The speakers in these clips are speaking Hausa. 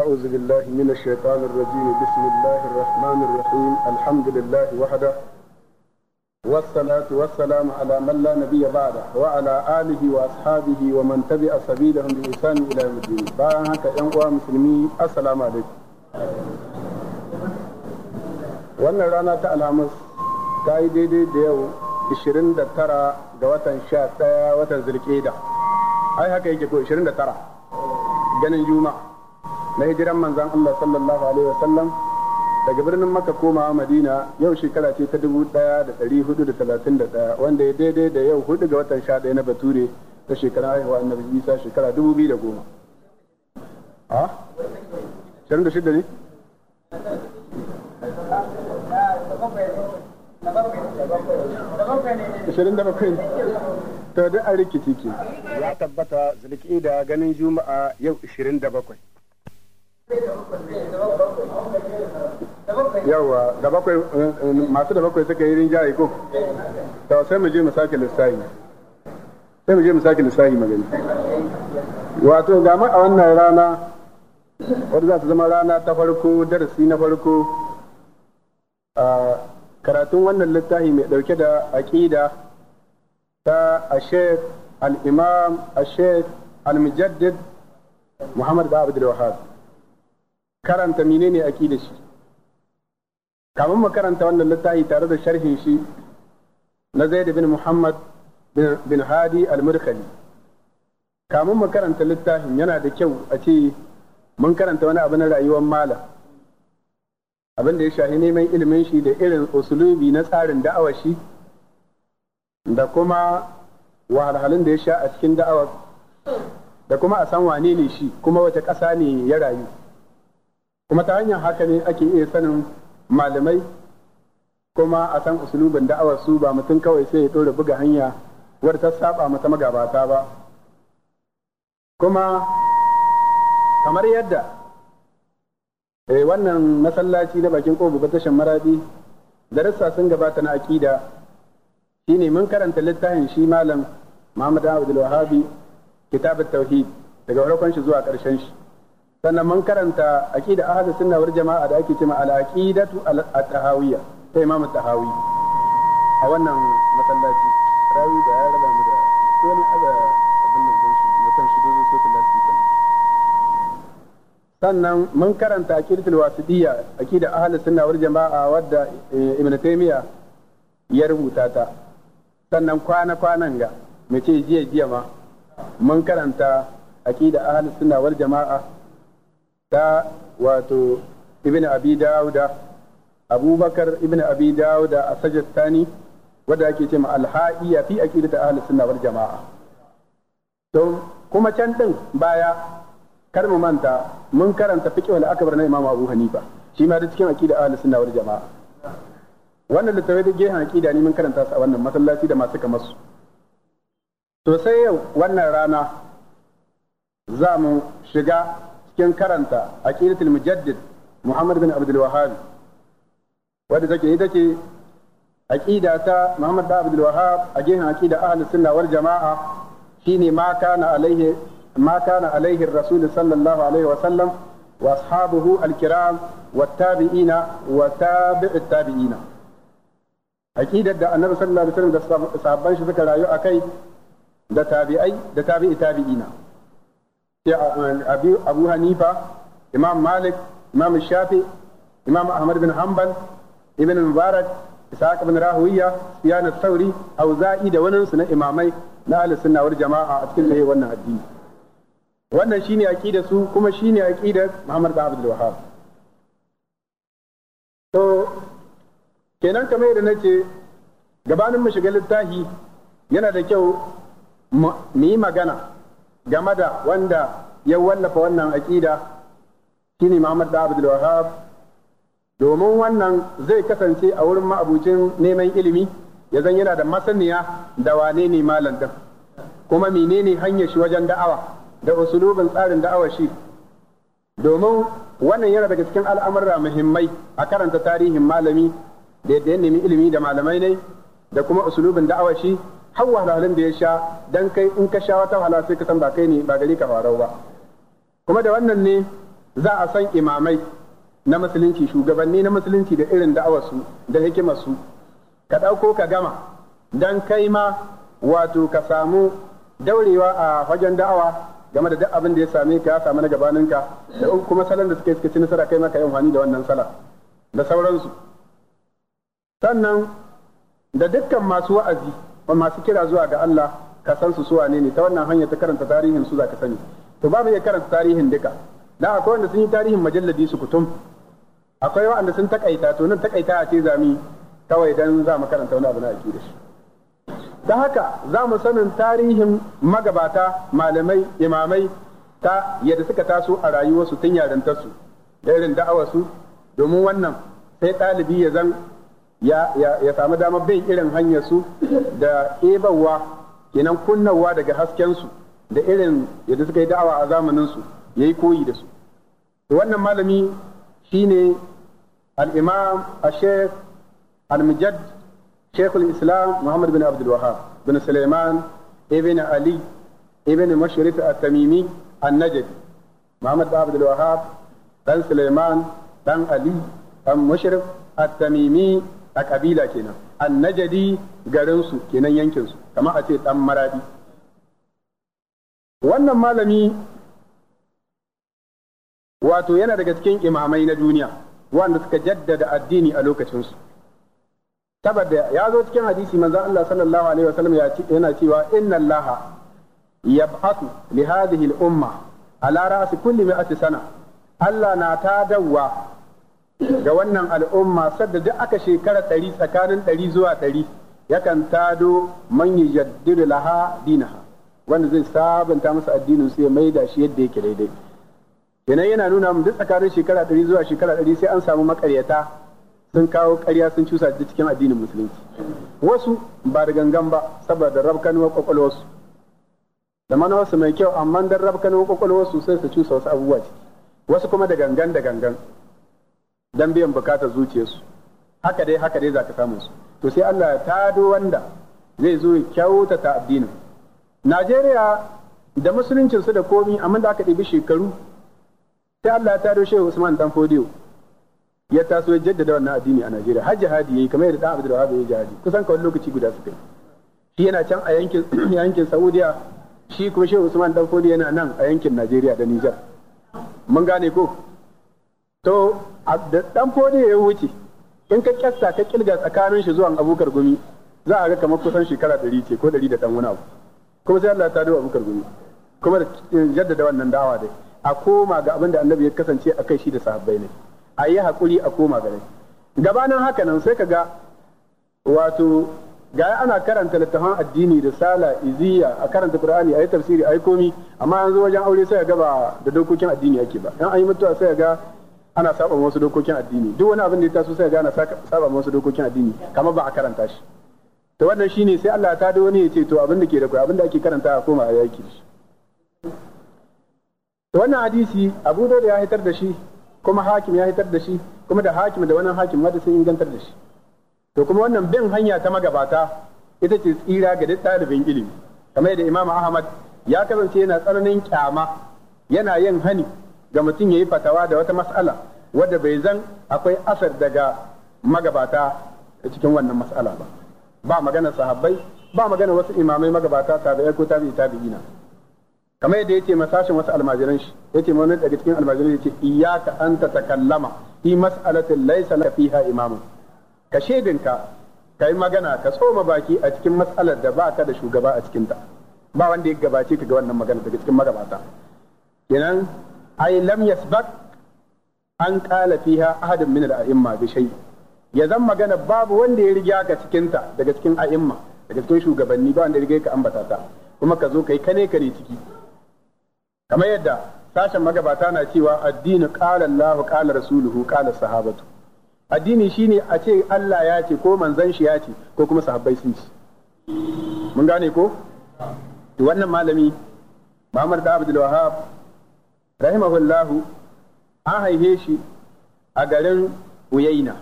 أعوذ بالله من الشيطان الرجيم بسم الله الرحمن الرحيم الحمد لله وحده والصلاة والسلام على من لا نبي بعده وعلى آله وأصحابه ومن تبع سبيلهم بإحسان إلى يوم الدين باهك يا مسلمين السلام عليكم wannan rana ta alhamis ta yi daidai da yau 29 ga watan 11 watan zulkeda ai haka yake ko 29 ganin juma'a na hijiran manzan Allah sallallahu alaihi wasallam daga birnin Makka komawa Madina yau shekara ce ta 1431 wanda ya daidai da yau hudu ga watan 11 na Bature ta shekara haihuwa Annabi Isa shekara 2010 a 26 ne ashirin da bakwai to duk a rikici ke ya tabbata zulki da ganin juma'a yau ashirin da bakwai yawa da bakwai eh, eh, masu da bakwai suka yi rinjaye ko to sai mu je mu sake lissafi sai mu je mu sake lissafi magani wato ga a wannan rana wadda za su zama rana ta farko darasi na farko a karatun wannan littafi mai dauke da aƙida ta ashek al-imam ashek al-mujaddid muhammad da abdul wahab karanta menene aqida shi kamun mu karanta wannan littafi tare da sharhin shi na Zaid bin Muhammad bin Hadi al-Murkali kamun mu karanta littafin yana da kyau a ce mun karanta wani abu na rayuwar malam abin da ya shahi neman ilimin shi da irin usulubi na tsarin da'awa shi da kuma wahalhalun da ya sha a cikin da'awar da kuma a san wane ne shi kuma wace ƙasa ne ya rayu kuma ta hanyar haka ne ake iya sanin malamai kuma a san usulubin da'awar su ba mutum kawai sai ya ɗora buga hanya wadda ta saba mata magabata ba kuma kamar yadda eh wannan masallaci na bakin ƙobu ba tashin maradi darassa sun gabata na akida shine mun karanta littafin shi malam Muhammad Abdul Wahabi kitab tauhid daga farkon shi zuwa ƙarshen shi sannan man karanta aqida ahli sunna wal jama'a da ake cewa al-aqidatu al-tahawiyya ta imam tahawi a wannan masallaci rawi da ya raba mu da ko ne aga abin nan din shi mutan shi dole sai tallafi kan sannan mun karanta aqidatul wasidiyya aqida ahli sunna wal jama'a wadda eh, ibn taymiya ya rubuta ta sannan kwana kwanan ga mace jiya jiya ma mun karanta aqida ahli sunna wal jama'a ta wato ibn abi dauda abubakar ibn abi dauda a sajastani wadda ake ce ma alha'iya fi aqidati ahli sunna wal jama'a to kuma can din baya kar mu manta mun karanta fiqh aka akbar na imam abu hanifa shi ma da cikin aqida ahli sunna wal jama'a wannan littafai da gehen aqida ne mun karanta su a wannan masallaci da masu kamar su to sai yau wannan rana za mu shiga kin karanta a aqidatul mujaddid Muhammad bin Abdul Wahhab wadda take ita ce aqida ta Muhammad bin Abdul Wahhab a gehen aqida ahlus sunna wal jamaa shine ma kana alaihi ma kana alaihi rasul sallallahu alaihi wa sallam wa ashabuhu al-kiram wat-tabi'ina wa tabi'ut tabi'ina aqidar da annabi sallallahu alaihi wasallam da sahabban shi suka rayu akai da tabi'ai da tabi'i tabi'ina abu hanifa imam malik imam shafi imam ahmad bin hanbal ibn mubarak ishaq bin rahuwiya siyan sauri auza'i da wani na imamai na ahlus sunna wal jama'a a cikin da wannan addini wannan shine da su kuma shine aqidar muhammad bin abdul wahhab to kenan kamar yadda nace gabanin mu shiga littafi yana da kyau mu yi magana game da wanda ya wallafa wannan aƙida shine Muhammad da Abdul Wahab domin wannan zai kasance a wurin ma'abucin neman ilimi ya zan yana da masaniya da wane ne malam kuma menene hanyar shi wajen da'awa da usulubin tsarin da'awa shi domin wannan yana daga cikin al'amurra muhimmai a karanta tarihin malami da yadda ya nemi ilimi da malamai ne da kuma usulubin da'awa shi har wahalhalun da ya sha dan kai in ka sha wata wahala sai ka san ba kai ne ba gari ka farau ba kuma da wannan ne za a san imamai na musulunci shugabanni na musulunci da irin da'awarsu da hikimarsu ka ɗauko ka gama dan kai ma wato ka samu daurewa a wajen da'awa game da duk abin da ya same ka ya samu na gabaninka da kuma salon da suka suka ci nasara kai maka yin amfani da wannan sala da sauransu sannan da dukkan masu wa'azi ba masu kira zuwa ga Allah ka san su suwa ne ta wannan hanyar ta karanta tarihin su za ka sani to ba mu iya karanta tarihin duka da akwai wanda sun yi tarihin majalladi su kutum akwai wanda sun takaita to nan takaita a ce zami kawai dan za mu karanta wani abu na aiki da shi ta haka za mu sanin tarihin magabata malamai imamai ta yadda suka taso a rayuwarsu tun yarintarsu da irin da'awarsu domin wannan sai ɗalibi ya zan ya samu dama bin irin hanyar su da ɗebawa kenan kunnawa daga hasken su da irin yadda suka yi da'awa a zamanin su yi koyi da su wannan malami shine al-imam al-sheikh a sheikh al mujadd sheikh islam muhammad bin abdul wahhab bin sulaiman ibn ali ibn mashrif at-tamimi an-najdi muhammad bin abdul dan sulaiman dan ali dan mashrif at-tamimi a kabila kenan annajadi garin su kenan yankin su kamar a ce dan maradi wannan malami wato yana daga cikin imamai na duniya wanda suka jaddada addini a lokacinsu saboda ya zo cikin hadisi manzon Allah sallallahu alaihi wasallam yana cewa inna Allah yab'athu li hadhihi al-umma ala ra'si kulli mi'ati sana Allah na dauwa. ga wannan al'umma sadda duk aka shekara ɗari tsakanin ɗari zuwa ɗari yakan tado man yajaddidu laha dinaha wanda zai sabunta masa addinin su ya da shi yadda yake daidai kenan yana nuna mu duk tsakanin shekara ɗari zuwa shekara ɗari sai an samu makaryata sun kawo ƙarya sun cusa da cikin addinin musulunci wasu ba da gangan ba saboda rabkanuwar kwakwalwarsu da manawarsu mai kyau amma dan rabkanuwar kwakwalwarsu sai su cusa wasu abubuwa ciki wasu kuma da gangan da gangan dan biyan bukatar zuciyarsu haka dai haka dai za ka samu su to sai Allah ya tado wanda zai zo ya kyautata addinin Najeriya da musuluncin su da komi amma da aka ɗibi shekaru sai Allah ya tado Shehu Usman Dan Fodio ya taso ya jaddada wannan addini a Najeriya har jihadi yayi kamar yadda Abdul Wahab ya jihadi kusan kawai lokaci guda suka yi shi yana can a yankin yankin Saudiya shi kuma Shehu Usman Dan Fodio yana nan a yankin Najeriya da Niger mun gane ko to da dan fodi ya wuce in ka kyasta ka kilga tsakanin shi zuwa abokar gumi za a ga kamar kusan shekara ɗari ce ko ɗari da ɗan wani abu kuma sai Allah ta duba abokar gumi kuma da eh, jaddada wannan dawa dai a koma ga abin da annabi ya kasance a kai shi da sahabbai ne a yi haƙuri a koma rai. gabanin haka nan sai ka ga wato ga ana karanta littafan addini da sala iziya a karanta qur'ani a yi tafsiri a yi komi amma yanzu wajen aure sai ga ba da dokokin addini ake ba in an yi mutuwa sai ga ana saba wasu dokokin addini duk wani abin da ya taso sai ga ana saba wasu dokokin addini kamar ba a karanta shi to wannan shine sai Allah ta da wani ya ce to abin da ke da kai abin da ake karanta a koma a yaki shi to wannan hadisi Abu Dawud ya hitar da shi kuma hakim ya hitar da shi kuma da hakim da wannan hakim ma da sun ingantar da shi to kuma wannan bin hanya ta magabata ita ce tsira ga duk ɗalibin ilimi kamar yadda Imam Ahmad ya kasance yana tsananin kyama yana yin hani ga mutum ya yi fatawa da wata mas'ala wadda bai zan akwai asar daga magabata cikin wannan mas'ala ba ba magana sahabbai ba magana wasu imamai magabata tabi'ai ko ta bi ta tabi'ina kamar yadda yace masashin wasu almajiran shi yace ma wani daga cikin almajiran yace iyaka an ta tatakallama fi mas'alatin laysa laka fiha imamun ka shedinka ka yi magana ka tsoma baki a cikin mas'alar da baka da shugaba a cikinta ba wanda ya gabace ka ga wannan magana daga cikin magabata kenan ai lam yasbaq an kala fiha ahadun min al-a'imma bi shay ya zan magana babu wanda ya riga ga cikin ta daga cikin a'imma daga cikin shugabanni ba wanda ya riga ka ambata ta kuma ka zo kai kane kare ciki kamar yadda sashen magabata na cewa addini qala Allahu qala rasuluhu qala sahabatu addini shine a ce Allah ya ce ko manzon shi ya ce ko kuma sahabbai sun ce mun gane ko wannan malami Muhammad da Abdul Wahhab rahimahullahu an haife shi a garin Uyaina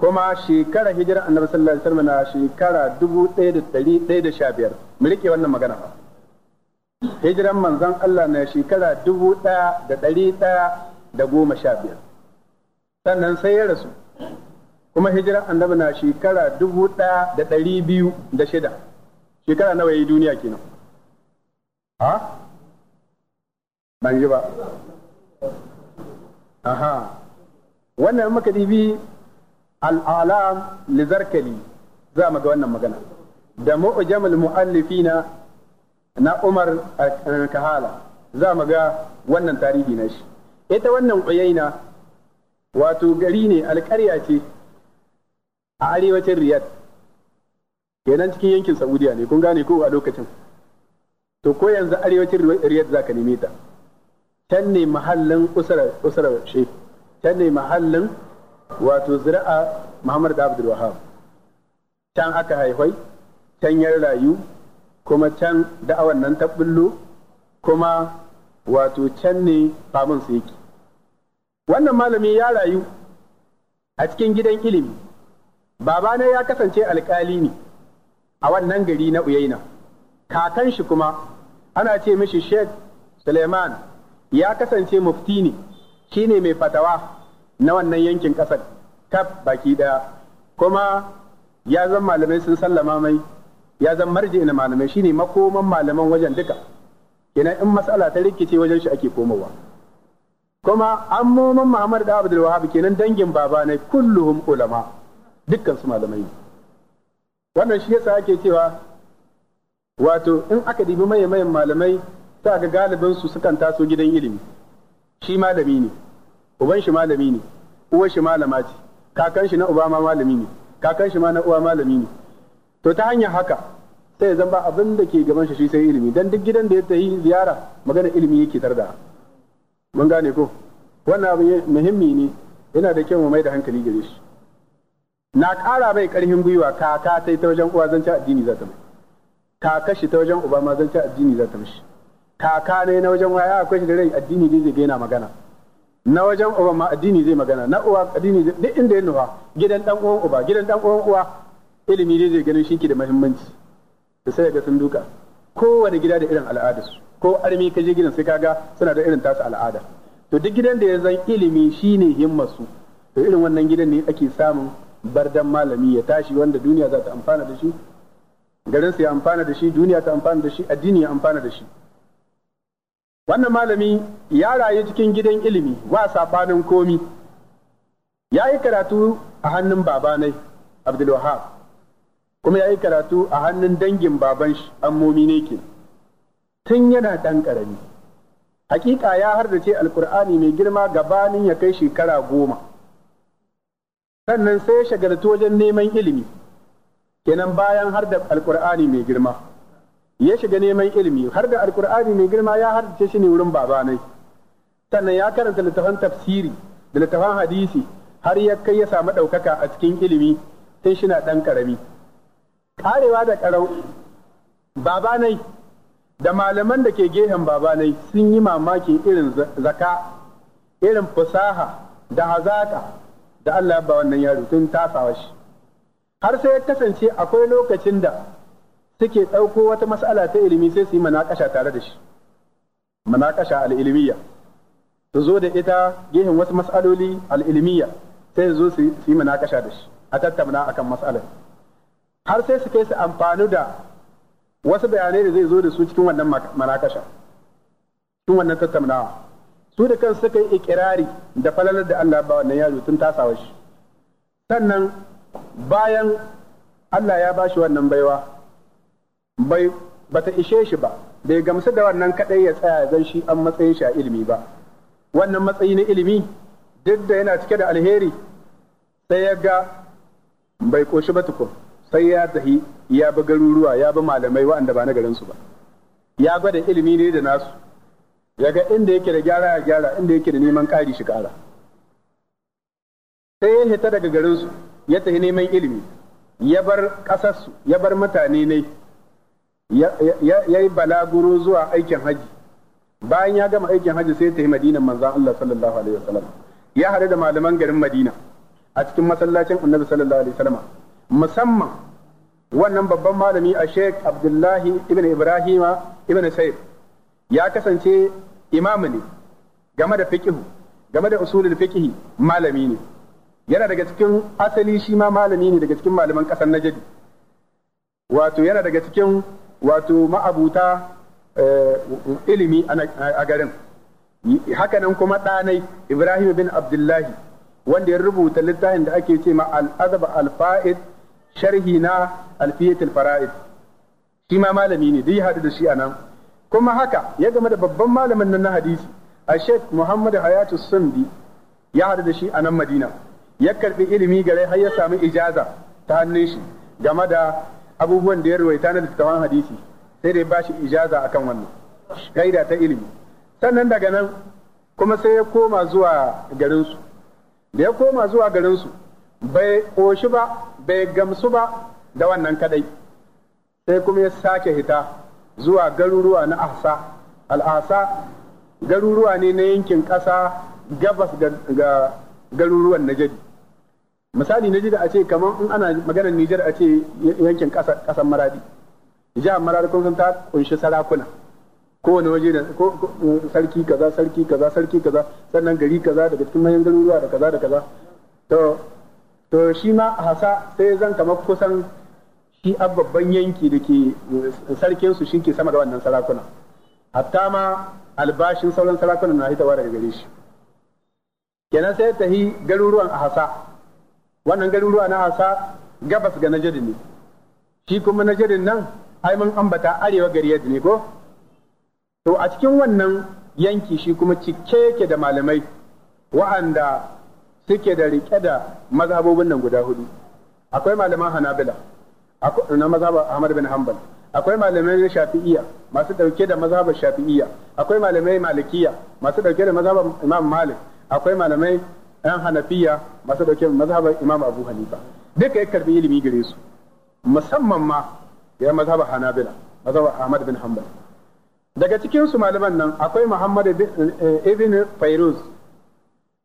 kuma shekara hijirar annabi sallallahu alaihi wasallam na shekara dubu da da sha biyar mu rike wannan magana fa hijiran manzon Allah na shekara dubu da da goma sha biyar. sannan sai ya rasu kuma hijiran annabi na shekara dubu da da biyu shida. shekara nawa ya yi duniya kenan ha ban yi ba aha wannan muka dibi al'alam zarkali za mu ga wannan magana da mu'jamul mu'allifina na Umar Kahala za mu ga wannan tarihi na shi ita wannan ƙuyaina wato gari ne alƙarya ce a arewacin Riyadh kenan cikin yankin Saudiya ne kun gane ko a lokacin to ko yanzu arewacin Riyadh zaka neme ta can ne mahallin usarar can ne mahallin wato zira'a Muhammad Abdul Wahab can aka haifai can ya rayu kuma can da'awar nan ta kuma wato can ne famun su yake wannan malami ya rayu a cikin gidan ilimi babana ya kasance alkali ne a wannan gari na Uyaina kakan shi kuma ana ce mishi Sheikh Suleiman ya kasance mufti ne shine mai fatawa na wannan yankin ƙasar tab baki ɗaya kuma ya zan malamai sun sallama mai ya zan marje na malamai shine makoman malaman wajen duka kenan in matsala ta rikice wajen shi ake komowa kuma an moman Muhammad da Abdul kenan dangin baba ne kulluhum ulama dukkan su malamai wannan shi yasa ake cewa wato in aka dibi maye mayan malamai ta ga galibin su sukan taso gidan ilimi shi malami ne uban shi malami ne uwar shi malama ce kakan shi na uba ma malami ne kakan shi ma na uwa malami ne to ta hanyar haka sai zan ba abin da ke gaban shi shi sai ilimi dan duk gidan da ya tafi ziyara magana ilimi yake tarda mun gane ko wannan abu muhimmi ne yana da kyau mu mai da hankali gare shi na ƙara mai ƙarfin gwiwa kaka sai ta wajen uwa zan ci addini za ta mai kaka shi ta wajen uba ma zan ci addini za ta mai kaka ne na wajen waya akwai shi da rai addini dai zai gaina magana na wajen uba ma addini zai magana na uwa addini duk inda ya nufa gidan dan uwan uba gidan dan uwan uwa ilimi dai zai ganin shi ke da muhimmanci da sai ga sun duka kowane gida da irin al'adarsu ko armi ka je gidan sai kaga suna da irin tasu al'ada to duk gidan da ya zan ilimi shine su to irin wannan gidan ne ake samun bardan malami ya tashi wanda duniya za ta amfana da shi garin su ya amfana da shi duniya ta amfana da shi addini ya amfana da shi wannan malami ya rayu cikin gidan ilimi ba sabanin komi ya yi karatu a hannun babanai abdulwahab kuma ya yi karatu a hannun dangin baban shi ammomi ne ke tun yana ɗan ƙarami hakika ya hardace alkur'ani mai girma gabanin ya kai shekara goma sannan sai ya shagaltu wajen neman ilimi kenan bayan har da alkur'ani mai girma ya shiga neman ilimi har da alkur'ani mai girma ya haddace shi ne wurin babanai sannan ya karanta littafan tafsiri da littafan hadisi har ya kai ya samu ɗaukaka a cikin ilimi tun shi na ɗan ƙarami ƙarewa da ƙarau babanai da malaman da ke gehen babanai sun yi mamakin irin zaka irin fasaha da hazaka da Allah ba wannan yaro tun tasawa shi har sai ya kasance akwai lokacin da take ɗauko wata mas'ala ta ilimi sai su yi manakasha tare da shi manakasha al'ilmiya su zo da ita gehen wasu mas'aloli al'ilmiya sai su zo su yi manakasha da shi a tattauna akan mas'alar har sai su kai su amfani da wasu bayanai da zai zo da su cikin wannan manakasha cikin wannan tattaunawa su da kansu suka yi ikirari da falalar da Allah ba wannan yaro tun tasawa shi sannan bayan Allah ya ba shi wannan baiwa bai bata ishe shi ba bai gamsu da wannan kaɗai ya tsaya zan shi an matsayin shi a ilimi ba wannan matsayi na ilimi duk da yana cike da alheri sai ya ga bai koshi ba tukun sai ya zahi ya bi garuruwa ya bi malamai waɗanda ba na garin su ba ya gwada ilimi ne da nasu ya ga inda yake da gyara ya gyara inda yake da neman ƙari shi ƙara sai ya hita daga garin su ya tahi neman ilimi ya bar ƙasarsu ya bar mutane ne ya yi balaguro zuwa aikin haji bayan ya gama aikin haji sai ta yi madina manzan Allah sallallahu alaihi wasallam ya haɗu da malaman garin madina a cikin masallacin annabi sallallahu alaihi wasallam musamman wannan babban malami a sheikh abdullahi ibn ibrahima ibn sayyid ya kasance imamu ne game da fiqihu game da usulul malami ne yana daga cikin asali shi ma malami ne daga cikin malaman kasar najdi wato yana daga cikin wato ma'abuta eh, ilimi a garin hakanan kuma ɗanai ibrahim bin abdullahi wanda ya rubuta littafin da ake ce ma al'azab al-fa'id sharhi na alfiyatul fara'id shi ma malami ne duk ya da shi a nan kuma haka ya game da babban malamin nan na hadisi a sheikh muhammad hayatu sundi ya hadu da shi a nan madina ya karɓi ilimi gare har ya samu ijaza ta hannun shi game da abubuwan da ya ruwaita na tawan hadisi sai dai bashi ijaza akan wannan gaida ta ilimi sannan daga nan kuma sai ya koma zuwa garinsu da ya koma zuwa garinsu bai koshi ba bai gamsu ba da wannan kadai sai kuma ya sake hita zuwa garuruwa na ahsa al'asa garuruwa ne na yankin ƙasa gabas ga garuruwan najadi misali na jida a ce kamar in ana maganar Nijar a ce yankin ƙasar Maradi jihar Maradi kun san ta kunshi sarakuna kowane waje da eh, sarki kaza sarki kaza sarki kaza sannan gari kaza daga cikin manyan garuruwa da kaza da kaza to to shi ma hasa sai zan kamar kusan shi a babban yanki da ke eh, sarkin su ke sama da wannan sarakuna hatta ma albashin sauran sarakunan na hitawa daga gare shi kenan sai ta yi garuruwan a hasa wannan garuruwa na hasa gabas ga najadi ne shi kuma najadin nan ai mun ambata arewa gari yadda ne ko to a cikin wannan yanki shi kuma cike yake da malamai wa'anda suke da rike da mazhabobin nan guda hudu akwai malaman hanabila na mazhabar ahmad bin hanbal akwai malamai na shafi'iyya masu dauke da mazhabar shafi'iyya akwai malamai malikiya masu dauke da mazhabar imam malik akwai malamai ɗan hanafiya masu ɗauke mazhabar imam abu hanifa duka ya karbi ilimi gare su musamman ma ya mazhabar hanabila mazhabar ahmad bin hanbal daga cikin su malaman nan akwai muhammad ibn eh, fairuz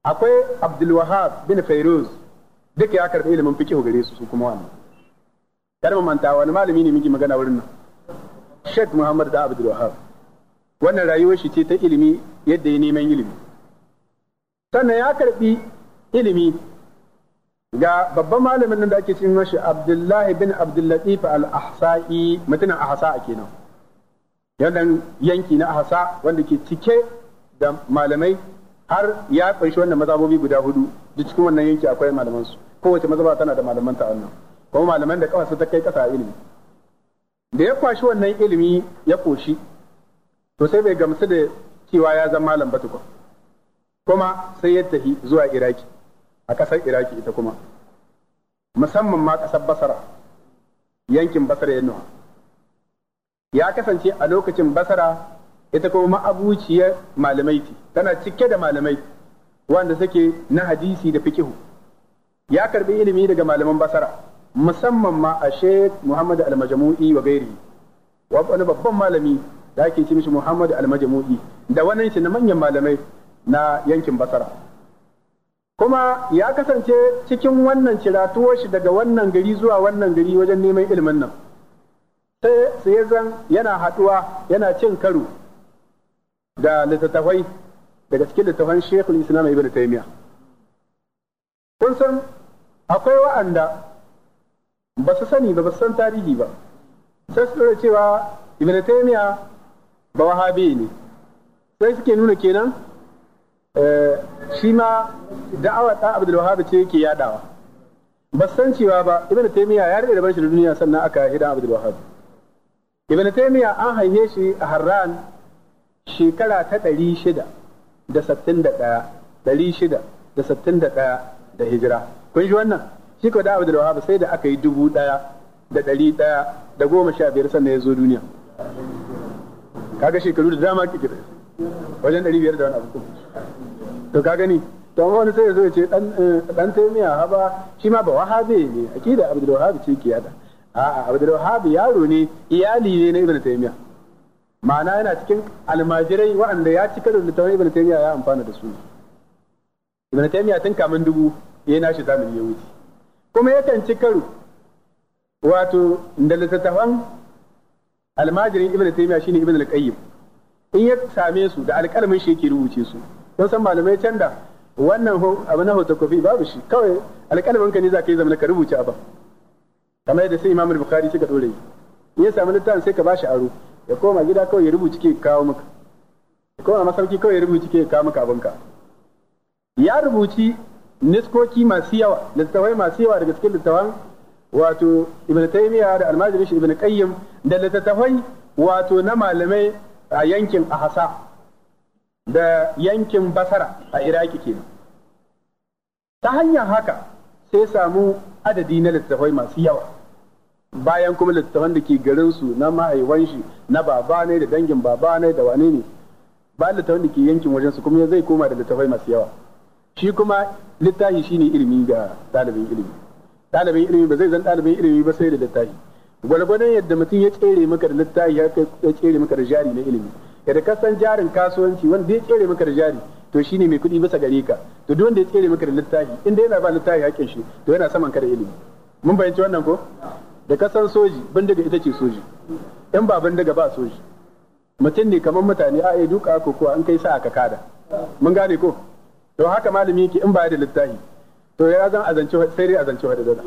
akwai abdul wahab bin fairuz duka ya karbi ilimin fiqh gare su su kuma wannan kar mu manta wani malami ne miki magana wurin nan Sheikh Muhammad da Abdul Wahab wannan rayuwar shi ce ta ilimi yadda ya neman ilimi sannan ya karɓi ilimi ga babban malamin nan da ake cin mashi Abdullahi bin Abdullatif al-Ahsa'i mutumin Ahsa kenan yannan yanki na Ahsa wanda ke cike da malamai har ya ƙunshi wannan mazabobi guda hudu da cikin wannan yanki akwai malaman su kowace mazaba tana da malaman ta wannan kuma malaman da kawai ta kai kasa ilimi da ya kwashi wannan ilimi ya koshi to sai bai gamsu da cewa ya zama malam ba tukun kuma sai ya tafi zuwa iraki a ƙasar iraki ita kuma musamman ma ƙasar basara yankin basara ya nuna ya kasance a lokacin basara ita kuma ma'abuciyar malamai tana cike da malamai wanda suke na hadisi da fikihu ya karbi ilimi daga malaman basara musamman ma a sheikh muhammad al-majmu'i wa gairi wani babban malami da ake ce mishi muhammad al-majmu'i da wannan shi na manyan malamai na yankin basara kuma ya kasance cikin wannan ciratuwar shi daga wannan gari zuwa wannan gari wajen neman ilimin nan sai sai zan yana haɗuwa yana cin karu. da littattafai daga cikin littattafan Sheikhul Islam Ibn taimiya kun san akwai wa'anda ba su sani ba su san tarihi ba sai su cewa Ibn taimiya ba wahabi ne sai suke nuna kenan Eh, shi ma da'awa ta da Wahhab ce yake yadawa ba san cewa ba Ibn Taymiyyah ya rike da bashi da duniya sannan aka hida Abdul Wahhab Ibn Taymiyyah an haife shi a Harran shekara ta ɗari shida da sattin da ɗaya ɗari shida da sattin da ɗaya da hijira kun shi wannan shi ko da Abdul Wahhab sai da aka yi dubu ɗaya da ɗari ɗaya da goma sha biyar sannan ya zo duniya kaga shekaru da dama kike wajen ɗari biyar da wani abu to ka gani to wani sai zai ce dan eh, taimiya ha ba shi ma ba wahabi ne ƙida abdul wahabi ce ke yada a'a abdul wahabi yaro ne iyali ne na ibn taimiya ma'ana yana cikin almajirai waɗanda ya cika da littafin ibn taimiya ya amfana da su ibn taimiya tun kamin dubu ya nashi zamani ya wuce kuma yakan ci karo wato da littattafan almajirin ibn taimiya shine ibn al-qayyim in ya same su da alƙalmin shi yake rubuce su kun san malamai da wannan abu na hoto kofi babu shi kawai alƙalamin ka ne za ka yi zamana ka rubuta ba kamar yadda sai imamul bukhari suka dore in ya samu littafin sai ka bashi aro ya koma gida kawai ya rubuta ke kawo maka ya koma masauki kawai ya rubuta ke kawo maka abinka ya rubuci niskoki masu yawa littafai masu yawa daga cikin littafan wato ibn taymiya da almajirin shi ibn qayyim da littattafai wato na malamai a yankin ahasa da yankin basara a iraki kenan ta hanyar haka sai samu adadi na littattafai masu yawa bayan kuma littattafan da ke garinsu na mahaiwan shi na baba ne da dangin baba ne da wane ne ba littattafan da ke yankin wajensu kuma zai koma da littattafai masu yawa shi kuma littafi shine ilimi ga ɗalibin ilimi ɗalibin ilimi ba zai zan ɗalibin ilimi ba sai da littafi gwargwadon yadda mutum ya tsere maka da littafi ya tsere maka da jari na ilimi da kasan jarin kasuwanci wanda ya tsere maka da jari to shine mai kuɗi bisa gare ka to duk wanda ya tsere maka da littafi inda yana ba littafi haƙƙin shi to yana saman ka da ilimi mun fahimci wannan ko da kasan soji bindiga ita ce soji in ba bindiga ba soji mutum ne kamar mutane a iya duka ko kuwa in kai sa aka kada mun gane ko to haka malami yake in ba da littafi to ya zan azance sai dai azance dana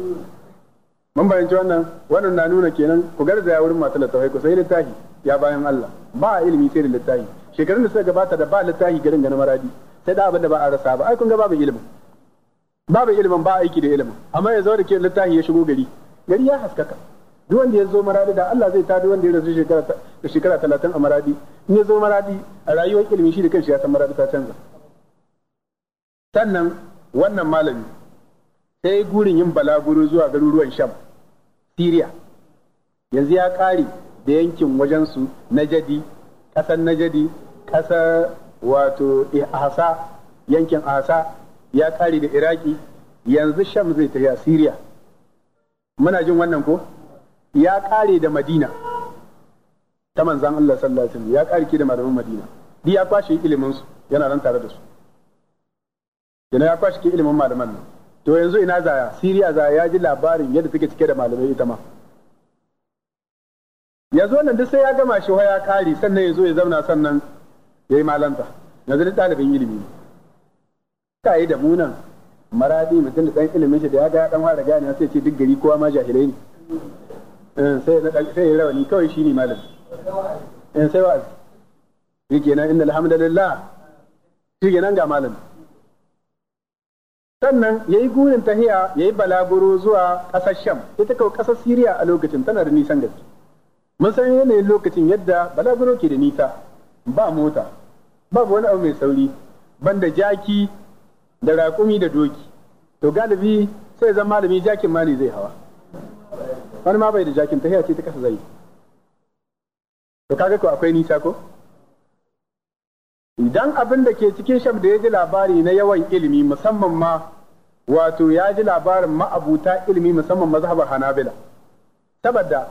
mun bayanci wannan wannan na nuna kenan ku garzaya wurin masu littafai ku sai littafi ya bayan Allah ba ilimi sai da littafi shekarun da suka gabata da ba littafi garin gani maradi sai da abin da ba a rasa ba ai kun ga babu ilimin babu ilimin ba aiki da ilimin amma ya zo da ke littafi ya shigo gari gari ya haskaka duk wanda ya zo maradi da Allah zai tada wanda ya rasu shekara da shekara 30 a maradi in ya zo maradi a rayuwar ilimi shi da kanshi ya san maradi ta canza sannan wannan malami sai gurin yin balaguro zuwa garuruwan sham Syria yanzu ya ƙari da yankin wajensu na jadi ƙasar jadi ƙasar wato Ahasa yankin Ahasa ya ƙari da Iraki yanzu Sham zai tafi a Syria muna jin wannan ko ya ƙare da Madina ta manzan Allah sallallahu alaihi wasallam ya ƙare da malaman Madina di ya kwashe ilimin su yana nan tare da su yana ya kwashe ilimin malaman nan to yanzu ina zaya Siriya zaya ya ji labarin yadda take cike da malamai ita ma yanzu nan duk sai ya gama shi ya kari sannan ya zo ya zauna sannan ya yi malanta yanzu duk ɗalibin ilimi ne ka yi da munan maradi mutum da ɗan ilimin shi da ya ga ɗan fara gane sai ce duk gari kowa ma jahilai ne eh, sai na ya rawani kawai shi ne malam. Eh, sai wa'azi shi kenan inna alhamdulillah shi kenan ga malam. sannan ya yi gurin tahiya ya yi balaguro zuwa ƙasar sham ita kawai ƙasar siriya a lokacin tana da nisan gaske mun san yanayin lokacin yadda balaguro ke da nisa ba mota ba wani abu mai sauri banda jaki da raƙumi da doki to galibi sai zan malami jakin ma ne zai hawa wani ma bai da jakin tahiya ce ta ƙasa zai to ga ko akwai nisa ko idan abin da ke cikin shaf da ya ji labari na yawan ilimi musamman ma wato ya ji labarin ma'abuta ilimi musamman mazhabar hanabila saboda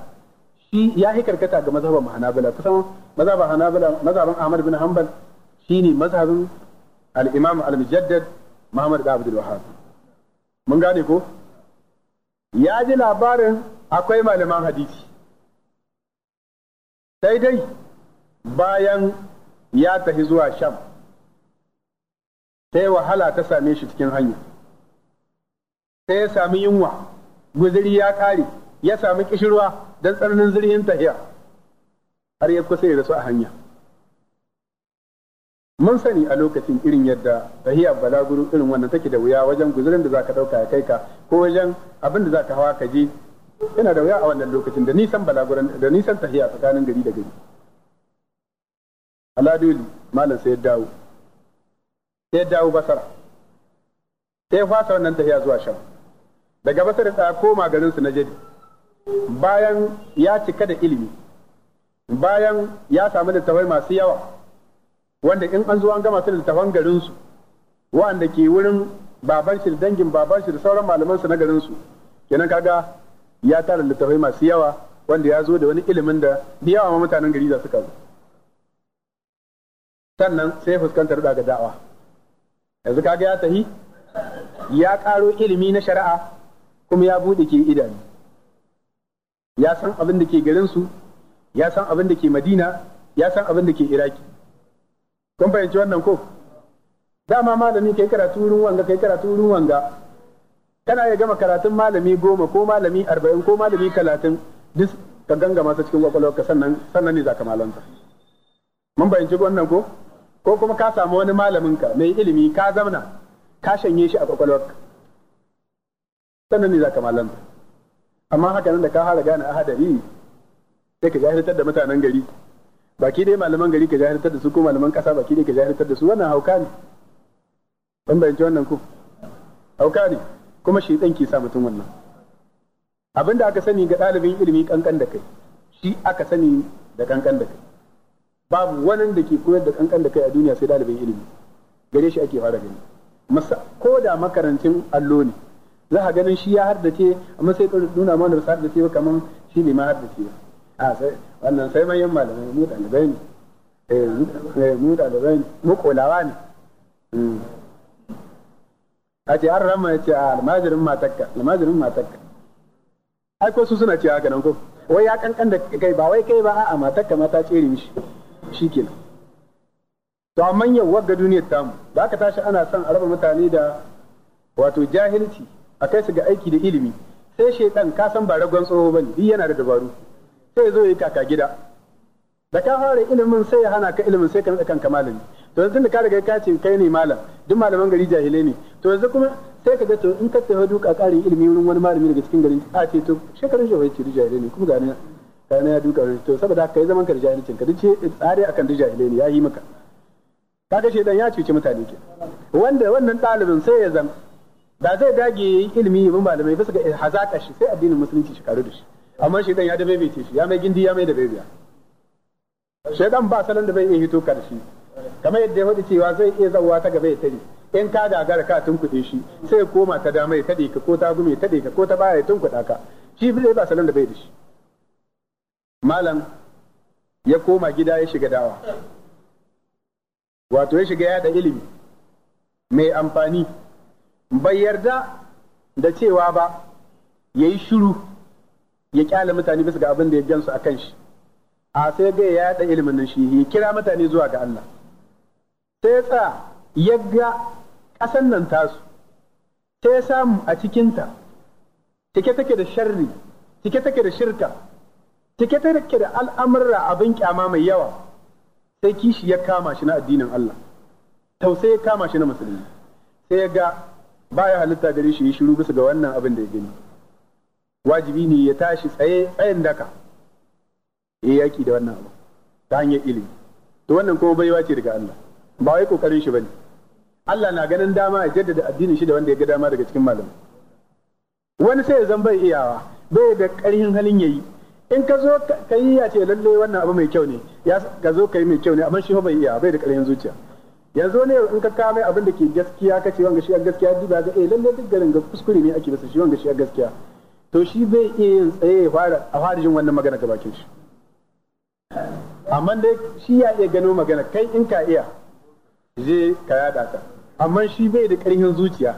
shi ya yi karkata ga mazhabar hanabila kusan mazhabar hanabila mazhabin ahmad bin hanbal shine mazhabin al-imam al-mujaddad muhammad bin abdul wahhab mun gane ko ya ji labarin akwai malaman hadisi sai dai bayan ya tafi zuwa sham sai wahala ta same shi cikin hanya sai ya sami yunwa guziri ya kare ya sami kishirwa don tsananin zirgin tahiya har ya kusa ya su a hanya mun sani a lokacin irin yadda tahiya balaguro irin wannan take da wuya wajen guzurin da zaka dauka ya kai ka ko wajen abin da zaka hawa ka je yana da wuya a wannan lokacin da nisan da nisan tahiya tsakanin gari da gari aladuli malam sai ya dawo sai ya dawo basara sai fasa wannan tafiya zuwa sham daga basara ta koma garin su na jadi bayan ya cika da ilimi bayan ya samu littafai masu yawa wanda in an zo an gama su littafan garin su wanda ke wurin baban shi da dangin baban shi da sauran malaman su na garin su kenan kaga ya tara littafai masu yawa wanda ya zo da wani ilimin da da yawa mutanen gari za su kawo. sannan sai fuskantar da ga da'awa yanzu kaga ya tahi ya karo ilimi na shari'a kuma ya bude ke idanu ya san abin da ke garin su ya san abin da ke Madina ya san abin da ke Iraki kun fahimci wannan ko dama malami kai karatu wurin wanga kai karatu wurin wanga kana ya gama karatun malami goma ko malami arba'in ko malami talatin duk ka gangama masu cikin kwakwalwarka sannan sannan ne za ka malanta mun bayanci wannan ko ko kuma ka samu wani malaminka mai ilimi ka zamna ka shanye shi a kwakwalwarka sannan ne za ka malanta amma haka nan da ka fara gane ahadari sai ka jahiltar da mutanen gari baki dai malaman gari ka jahiltar da su ko malaman kasa baki dai ka jahiltar da su wannan hauka ne ban bayanci wannan ku hauka ne kuma shi ke sa mutum wannan abinda aka sani ga ɗalibin ilimi kankan da kai shi aka sani da kankan da kai babu wani da ke koyar da kankan da kai a duniya sai dalibin ilimi gare shi ake fara gani masa ko da makarantun allo ne za a ganin shi ya haddace amma sai ka nuna mana ba su ce ba kaman shi ne ma haddace ba a sai wannan sai manyan malamai mu dalibai ne eh mu dalibai eh, ne mu kolawa ne hmm. a ce har rama ce a ah, almajirin matakka almajirin matakka ai ko su suna ce haka nan ko wai ya kankan da kai ba wai kai ba a'a matakka ma ta tsere mishi shikenan to amma yawwa ga duniyar tamu ba ka tashi ana son a raba mutane da wato jahilci a kai su ga aiki da ilimi sai shaidan ka san ba ragon tsoho ba ne yana da dabaru sai ya zo yi kaka gida da ka fara ilimin sai ya hana ka ilimin sai ka nutsa kanka malami to yanzu da ka riga ka ce kai ne malam duk malaman gari jahilai ne to yanzu kuma sai ka ga to in ka tafi duka karin ilimi wurin wani malami daga cikin garin a ce to shekarun shi ya ce jahilai ne kuma ga kana ya duka to saboda kai zaman ka da jahilcin ka dace tsare akan da jahilai ne ya yi maka kaga shedan ya cuci mutane ke wanda wannan dalibin sai ya zan da zai dage ilimi ya malamai bisa ga hazaka shi sai addinin musulunci shi karu da shi amma shedan ya da baibaye shi ya mai gindi ya mai da baibiya shedan ba salon da bai iya hito karshe kamar yadda ya cewa zai iya zawa ta gaba ya tare in ka gagara ka tunkuɗe shi sai koma ta dama ya taɗe ka ko ta gume ya taɗe ka ko ta baya ya tunkuɗa ka shi bai ba salon da bai da shi malam ya koma gida ya shiga dawa wato ya shiga yada ilimi mai amfani bai yarda da cewa ba ya yi shiru ya kyale mutane bisa ga abin da ya gansu a kan shi a sai ga ya yada ilimin nan shi ya kira mutane zuwa ga Allah sai ya tsaya ya ga ƙasan nan tasu sai ya samu a cikinta cike take da sharri cike take da shirka take ta rike da al'amurra abin kyama mai yawa sai kishi ya kama shi na addinin Allah tausayi ya kama shi na musulmi sai ya ga baya halitta gare shi ya shiru bisa ga wannan abin da ya gani wajibi ne ya tashi tsaye tsayin daka ya yaki da wannan abu ta hanyar ilimi to wannan kuma baiwa ce daga Allah ba wai kokarin shi bane Allah na ganin dama ya jaddada addinin shi da wanda ya ga dama daga cikin malamai wani sai ya zan bai iyawa bai da ƙarhin halin yayi in ka zo ka yi ya ce lalle wannan abu mai kyau ne ya ka zo ka yi mai kyau ne amma shi fa bai iya bai da ƙarfin zuciya yanzu ne in ka kame abin da ke gaskiya ka ce wanga shi a gaskiya duba ga eh lalle duk garin ga kuskure ne ake bisa shi wanga shi a gaskiya to shi bai iya yin tsaye ya fara a fara jin wannan magana ga bakin shi amma dai shi ya iya gano magana kai in ka iya je ka yada ta amma shi bai da ƙarfin zuciya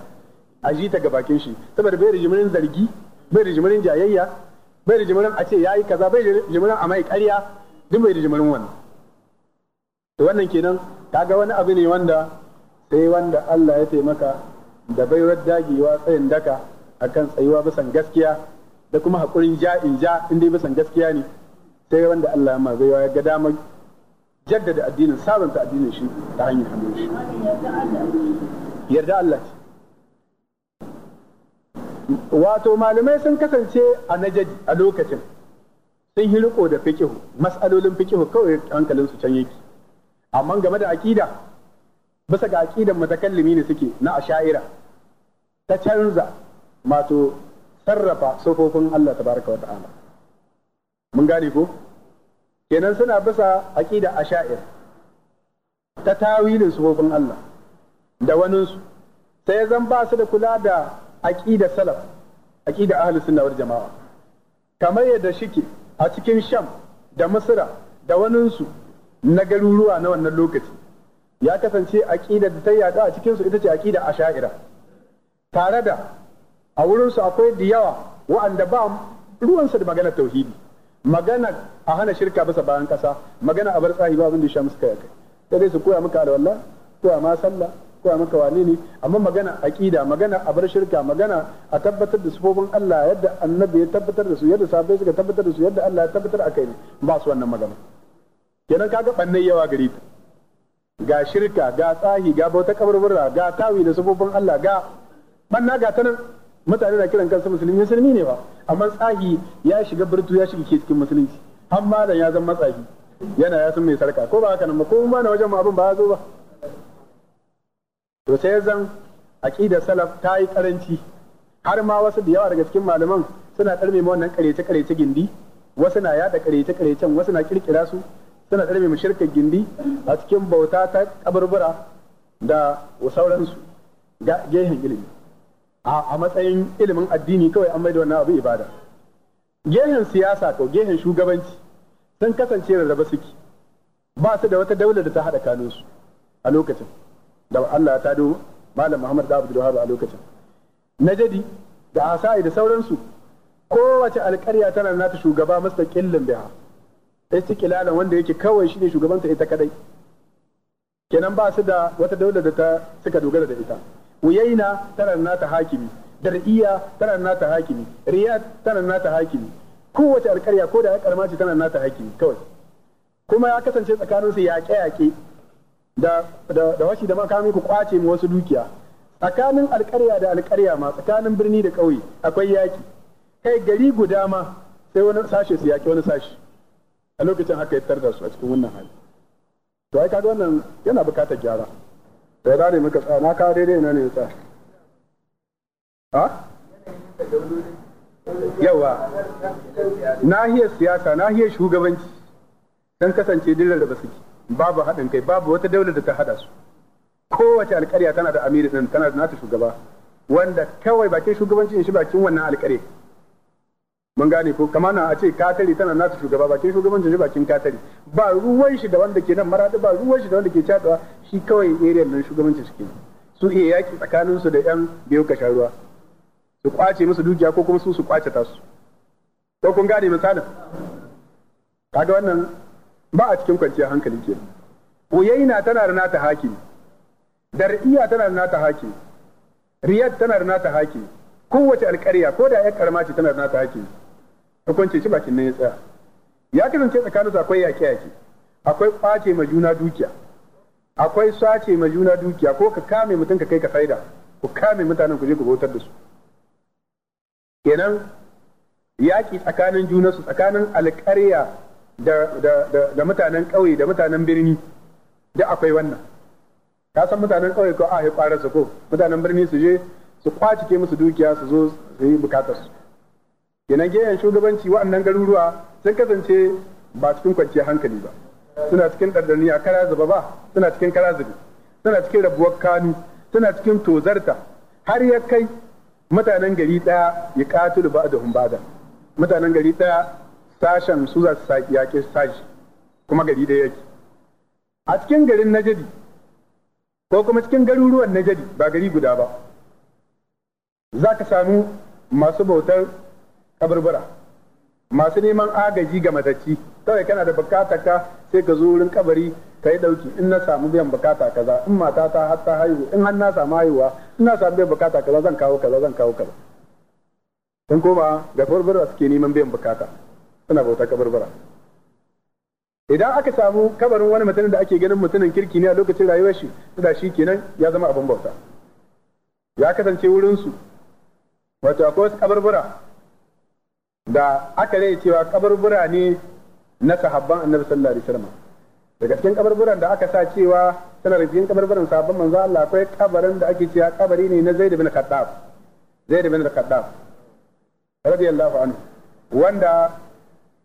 a ji ta ga bakin shi saboda bai da jimirin zargi bai da jimirin jayayya bai da jimirin a ce ya yi kaza bai da jimirin a mai karya duk bai da jimirin wannan to wannan kenan kaga wani abu ne wanda sai wanda Allah ya taimaka da baiwar dagewa tsayin daka akan tsayuwa bisan gaskiya da kuma haƙurin ja in ja in dai bisan gaskiya ne sai wanda Allah ya ma ya ga damar jaddada addinin sabanta addinin shi ta hanyar hannun shi yarda Allah ce wato malamai sun kasance a najadi a lokacin sun yi riko da fikihu mas'alolin fikihu kawai hankalin su can yake amma game da aƙida bisa ga aqidan mutakallimi ne suke na asha'ira ta canza mato sarrafa sofofin Allah tabaraka wa ta'ala mun gane ko kenan suna bisa aqida asha'ir ta tawilin sofofin Allah da waninsu sai zan ba su da kula da aqida salaf aqida ahli sunna wal jama'a kamar yadda shike a cikin sham da misra da waninsu na garuruwa na wannan lokaci ya kasance aqida da ta yada a cikin su ita ce aqida asha'ira tare da a wurin su akwai da yawa wa'anda ba ruwansu da magana tauhidi magana a hana shirka bisa bayan kasa magana a bar tsahi ba abin da ya sha musu kai sai su koya maka alwala koya ma sallah koya maka wane ne amma magana aqida magana a bar shirka magana a tabbatar da sufofin Allah yadda annabi ya tabbatar da su yadda sahabbai suka tabbatar da su yadda Allah ya tabbatar akai ne ba su wannan magana kenan kaga bannai yawa gari ta ga shirka ga tsahi ga bauta kaburbura ga tawi da sufofin Allah ga banna ga ta nan mutane na kiran kansu musulmi musulmi ne ba amma tsahi ya shiga birtu ya shiga cikin musulunci har dan ya zama tsahi yana ya san mai sarka ko ba haka nan ba ko ma na wajen abin ba ya zo ba to sai zan aqida salaf ta yi karanci har ma wasu da yawa daga cikin malaman suna karme ma wannan karece karece gindi wasu na yada karece karecen wasu na kirkira su suna karme mu shirka gindi a cikin bauta ta kaburbura da sauransu ga gehen ilimi a matsayin ilimin addini kawai an bai da wannan abu ibada gehen siyasa ko gehen shugabanci sun kasance rarraba suke ba su da wata daular da ta haɗa kanunsu a lokacin da Allah ya tado malam Muhammad da Abdul Wahab a lokacin najadi da asai da sauransu kowace alƙarya tana nata shugaba killin biha istiqlalan wanda yake kawai shine shugabanta ita kadai kenan ba su da wata daular da ta suka dogara da ita wuyaina tana nata hakimi dar'iya tana nata hakimi riyad tana nata hakimi kowace alƙarya ko da ya karma ce tana nata hakimi kawai kuma ya kasance tsakaninsu yaƙe-yaƙe da da washi da makami ku kwace mu wasu dukiya tsakanin alƙarya da alƙarya ma tsakanin birni da ƙauye akwai yaki kai gari guda ma sai wani sashe su yaki wani sashe a lokacin haka ya tarda su a cikin wannan hali to ai kaga wannan yana bukatar gyara da ya ne muka tsaya na kawo daidai na ne tsaya ha yawa nahiyar siyasa nahiyar shugabanci don kasance dillar da basu ke. babu haɗin kai babu wata daular da ta haɗa su kowace alƙarya tana da amiri ɗin tana da nata shugaba wanda kawai bakin shugabancin shi bakin wannan alƙare mun gane ko kamar na a ce katari tana nata shugaba bakin shugabancin shi bakin katari ba ruwan shi da wanda ke nan maradi ba ruwan shi da wanda ke cadawa shi kawai area nan shugabancin shi kenan su iya yaki tsakanin su da yan biyu kasha ruwa su kwace musu dukiya ko kuma su su kwace ta su ko kun gane misalin kaga wannan ba a cikin kwanciyar hankali ke uyaina tana da nata hakimi dar'iya tana da nata hakimi riyad tana da nata hakimi kowace alƙarya ko da ya karma ce tana da nata hakimi hukunci shi bakin nan ya tsaya ya kasance tsakaninsu akwai yaƙe-yaƙe akwai ƙwace ma juna dukiya akwai sace ma juna dukiya ko ka kame mutum ka kai ka faida ku kame mutanen ku je ku bautar da su kenan yaƙi tsakanin junansu tsakanin alƙarya da mutanen ƙauye da mutanen birni da akwai wannan ka san mutanen ƙauye ko a yi ƙwarar su ko mutanen birni su je su kwacike musu dukiya su zo su yi bukatar su kenan gayan shugabanci wa'annan garuruwa sun kasance ba cikin kwanciyar hankali ba suna cikin ɗanɗani a kara zuba ba suna cikin kara zubi suna cikin rabuwar kanu suna cikin tozarta har ya kai mutanen gari ɗaya ya katulu ba da humbada mutanen gari ɗaya sashen su za su saki yaƙi sashi kuma gari da yake a cikin garin najadi ko kuma cikin garuruwan najadi ba gari guda ba za ka samu masu bautar kaburbura masu neman agaji ga matacci kawai kana da bukata ka sai ka zo wurin kabari ka yi dauki in na samu biyan bukata kaza in mata ta har ta haihu in har na samu haihuwa in na samu biyan bukata kaza zan kawo kaza zan kawo kaza sun koma ga kaburbura suke neman biyan bukata suna bauta kabarbara idan aka samu kabarin wani mutumin da ake ganin mutumin kirki ne a lokacin rayuwar shi da shi kenan ya zama abin bauta ya kasance wurin su wato akwai wasu kabarbura da aka rai cewa kabarbura ne na sahabban annabi sallallahu alaihi wasallam daga cikin kabarburan da aka sa cewa tana da cikin kabarburan sahabban manzo Allah akwai kabarin da ake cewa kabari ne na Zaid bin Khattab Zaid bin Khattab radiyallahu anhu wanda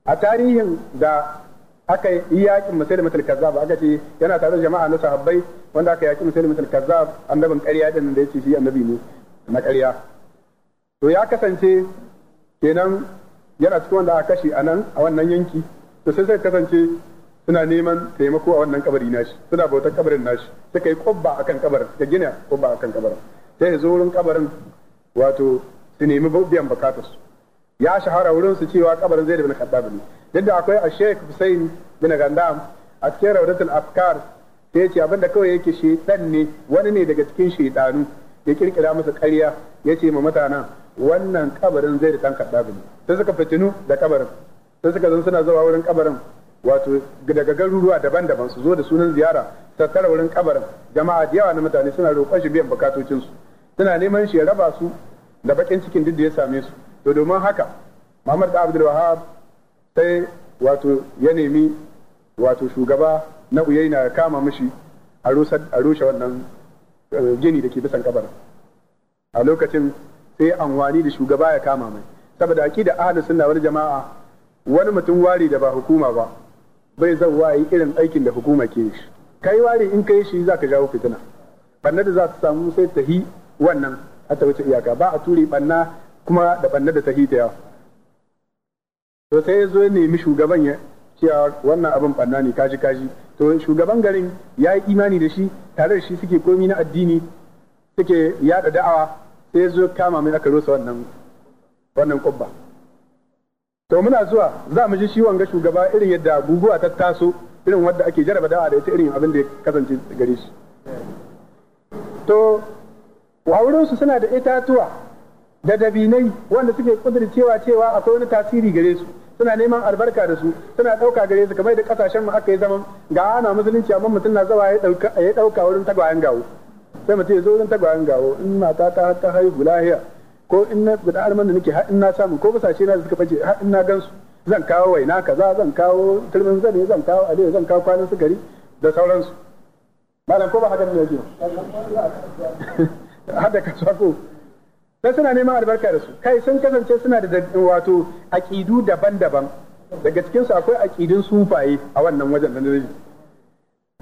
a tarihin da aka yi yakin kaza kazzab aka ce yana tare da jama'a na sahabbai wanda aka yaki musulmatul kazzab annabin ƙarya din da ce shi annabi ne na ƙarya to ya kasance kenan yana cikin wanda aka kashe a nan a wannan yanki to sai suka kasance suna neman taimako a wannan kabari nashi suna bautar kabarin nashi suka yi kubba akan kabarin suka gina kubba akan kabarin sai ya zo wurin kabarin wato su nemi biyan bukatarsu ya shahara wurin su cewa kabarin da bin Khabbab ne duk da akwai a Sheikh Hussein bin Gandam a cikin Rawdatul Afkar ta ya ce abinda kawai yake dan ne wani ne daga cikin shedanu ya kirkira masa ƙarya ya ce ma mutanen wannan kabarin da dan Khabbab ne sai suka fitinu da kabarin sai suka zan suna zuwa wurin kabarin wato daga garuruwa daban-daban su zo da sunan ziyara tattara wurin kabarin jama'a da yawa na mutane suna roƙon shi biyan bukatocinsu suna neman shi ya raba su da bakin cikin duk da ya same su to domin haka Muhammad da Abdul Wahab sai wato ya nemi wato shugaba na Uyaina ya kama mishi a rushe wannan eh, gini da ke bisan kabarin a lokacin sai anwani da shugaba ya kama mai saboda aqida ahlus suna wani jama'a wani mutum wari da ba hukuma ba bai zauwa yi irin aikin da hukuma ke shi kai wari in kai shi za ka jawo fitina banna da za su samu sai ta hi wannan ta wuce iyaka ba a turi banna kuma da banna da tahi yawa to sai ya zo ya nemi shugaban ya cewa wannan abin banna ne kaji kaji to shugaban garin ya yi imani da shi tare da shi suke komi na addini suke yaɗa da'awa sai ya zo kama mai aka rusa wannan wannan kubba to muna zuwa za mu ji shi ga shugaba irin yadda guguwa ta taso irin wadda ake jaraba da'a da ita irin abin da ya kasance gare shi to su suna da itatuwa da dabinai wanda suke kudircewa cewa akwai wani tasiri gare su suna neman albarka da su suna ɗauka gare su kamar da kasashen mu aka yi zaman ga ana musulunci amma mutum na zawa ya ɗauka wurin tagwayen gawo sai mutum ya zo wurin tagwayen gawo in mata ta ta haihu lahiya ko in na guda alman da nake har in na samu ko basashe na da suka bace har in na gansu zan kawo waina kaza zan kawo turmin zane zan kawo aliyu zan kawo kwanan sukari da sauransu malam ko ba haka ne yake haka kasuwa ko sai suna neman albarka da su kai sun kasance suna da wato aqidu daban-daban daga cikin su akwai aqidin sufaye a wannan wajen da nake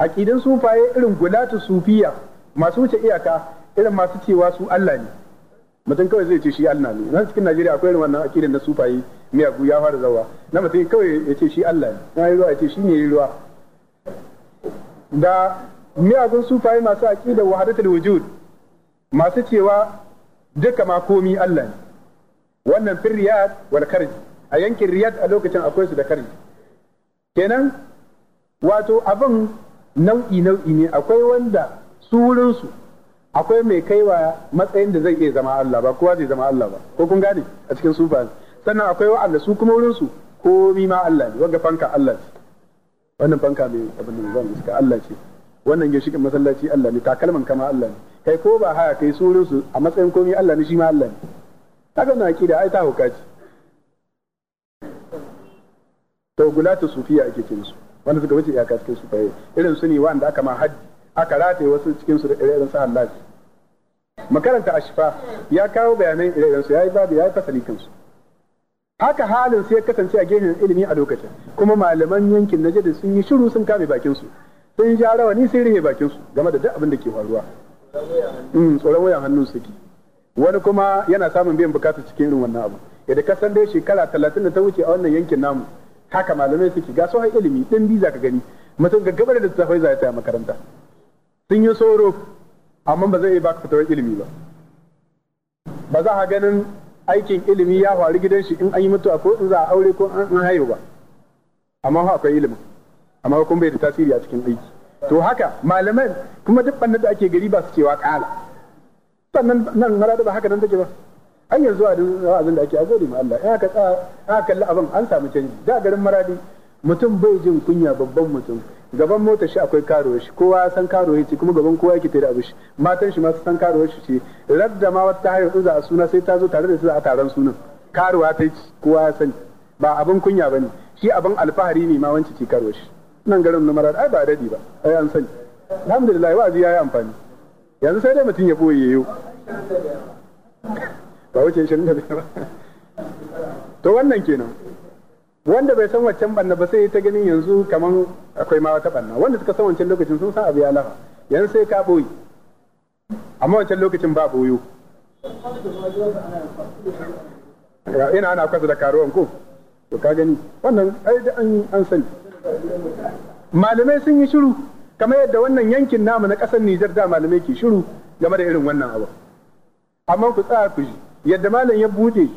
aqidin sufaye irin gulatu sufiya masu wuce iyaka irin masu cewa su Allah ne mutum kawai zai ce shi Allah ne nan cikin Najeriya akwai irin wannan aqidin na sufaye miyagu ya fara zawa na mutum kawai ya ce shi Allah ne na yi ruwa ya ce shi ne yi ruwa da miyagun sufaye masu aqidar wahadatul wujud masu cewa duka ma komi Allah ne wannan fil riyad wal karj a yankin riyad a lokacin akwai su da karj kenan wato abin nau'i nau'i ne akwai wanda su wurin su akwai mai kaiwa matsayin da zai iya zama Allah ba kowa zai zama Allah ba ko kun gane a cikin sufa sannan akwai wa'anda su kuma wurin su komi ma Allah ne wanga fanka Allah ce wannan fanka mai abin da zan iska Allah ce wannan ginshikin masallaci Allah ne takalman kama Allah ne kai ko ba haka kai surin su a matsayin komai Allah ne shi ma Allah ne kaga na akida ai ta hukaci to gulatu sufiya ake cin su wanda suka wuce iyaka cikin su faye irin su ne wanda aka ma haddi aka rataye wasu cikin su da irin sa Allah makaranta ashfa ya kawo bayanan irin su yayi babu yayi fasali su haka halin sai kasance a gefen ilimi a lokacin kuma malaman yankin Najd sun yi shiru sun kame bakin su sun ja rawani sun rihe bakin su game da duk abin da ke faruwa Mm, tsoron wayan hannun suke wani kuma yana samun biyan bukatu cikin irin wannan abu yadda kasan dai shekara talatin da ta wuce a wannan yankin namu haka malamai suke ga tsohon ilimi ɗin biza ka gani mutum gaggabar da tafai za ta makaranta sun yi tsoro amma ba zai iya baka fitowar ilimi ba ba za a ganin aikin ilimi ya faru gidan shi in an yi mutuwa ko in za a aure ko an haihu ba amma akwai ilimin amma kuma bai da tasiri a cikin aiki to haka malaman kuma duk bannan da ake gari ba su cewa kala sannan nan mara da ba haka nan take ba an yanzu a abin da ake a gode ma Allah in aka tsaya aka kalli abin an samu canji da garin maradi mutum bai jin kunya babban mutum gaban motar shi akwai karo shi kowa ya san karo shi kuma gaban kowa yake tare abu shi matan shi ma su san karo shi ce radda ma wata haihu za a suna sai ta zo tare da su a taron sunan karuwa ta yi kowa ya sani ba abin kunya ba ne shi abin alfahari ne ma wancan ce karo shi nan garin na marar ai ba daɗi ba ai an sani alhamdulillah wa'azi ya yi amfani yanzu sai dai mutum ya ɓoye yayo ba wuce shi da ba to wannan kenan wanda bai san waccan banna ba sai ta ganin yanzu kaman akwai ma wata banna wanda suka san wancan lokacin sun san abu ya lafa yanzu sai ka ɓoye amma wancan lokacin ba ɓoyo ina ana kwasa da karuwan ko to ka gani wannan ai da an sani malamai sun yi shiru kamar yadda wannan yankin namu na ƙasar Nijar da malamai ke shiru game da irin wannan abu amma ku tsaya ku ji yadda malam ya bude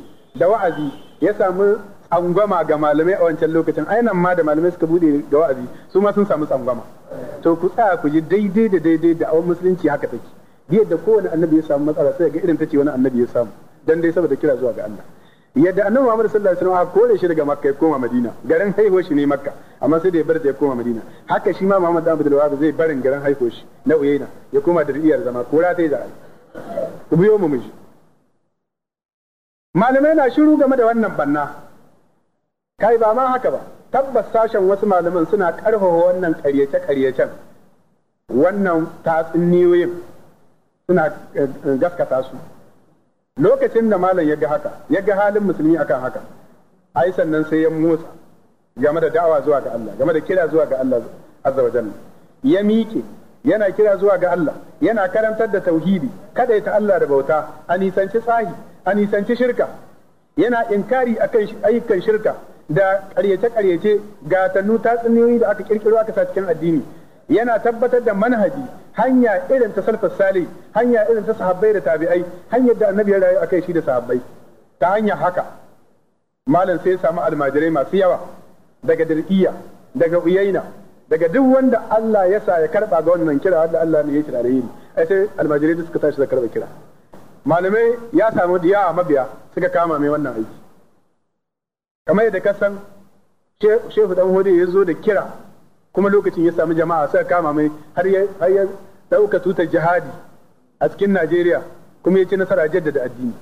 da wa'azi ya samu tsangwama ga malamai a wancan lokacin ainihin ma da malamai suka bude ga wa'azi su ma sun samu tsangwama to ku tsaya ku ji daidai da daidai da awon musulunci haka take yadda kowane annabi ya samu matsala sai ga irin ta ce wani annabi ya samu dan dai saboda kira zuwa ga Allah yadda annabi Muhammad sallallahu alaihi wasallam a kore shi daga Makka ya koma Madina garin haihuwar shi ne Makka amma sai da ya bar ta ya koma Madina haka shi ma Muhammad Abdul Wahab zai barin garin haihuwar shi na Uyaina ya koma da riyar zama kora ta yi ku biyo mu miji malamai na shiru game da wannan banna kai ba ma haka ba tabbas sashen wasu malaman suna karfafa wannan karyace-karyacen wannan tatsuniyoyin suna eh, eh, gaskata su lokacin da malam ya ga haka ya ga halin musulmi akan haka ai sannan sai ya motsa game da da'awa zuwa ga Allah game da kira zuwa ga Allah azza wa jalla ya miƙe yana kira zuwa ga Allah yana karantar da tauhidi kada ta Allah da bauta a nisanci tsahi a nisanci shirka yana inkari akan ayyukan shirka da ƙaryace-ƙaryace ga tannu tatsuniyoyi da aka kirkiro aka sa cikin addini yana tabbatar da manhaji hanya irin ta salafus sali hanya irin ta sahabbai da tabi'ai hanyar da annabi ya rayu akai shi da sahabbai ta hanya haka malam sai ya samu almajirai masu yawa daga dirkiya daga uyaina daga duk wanda Allah ya sa ya karba ga wannan kira wanda Allah ne ya kira da yin ai sai almajirai da suka tashi da karba kira malamai ya samu diya mabiya suka kama mai wannan aiki kamar yadda kasan san shehu dan hudu ya zo da kira kuma lokacin ya sami jama'a suka kama mai har ya ɗauka tutar jihadi a cikin Najeriya kuma ya ci nasara jaddada addini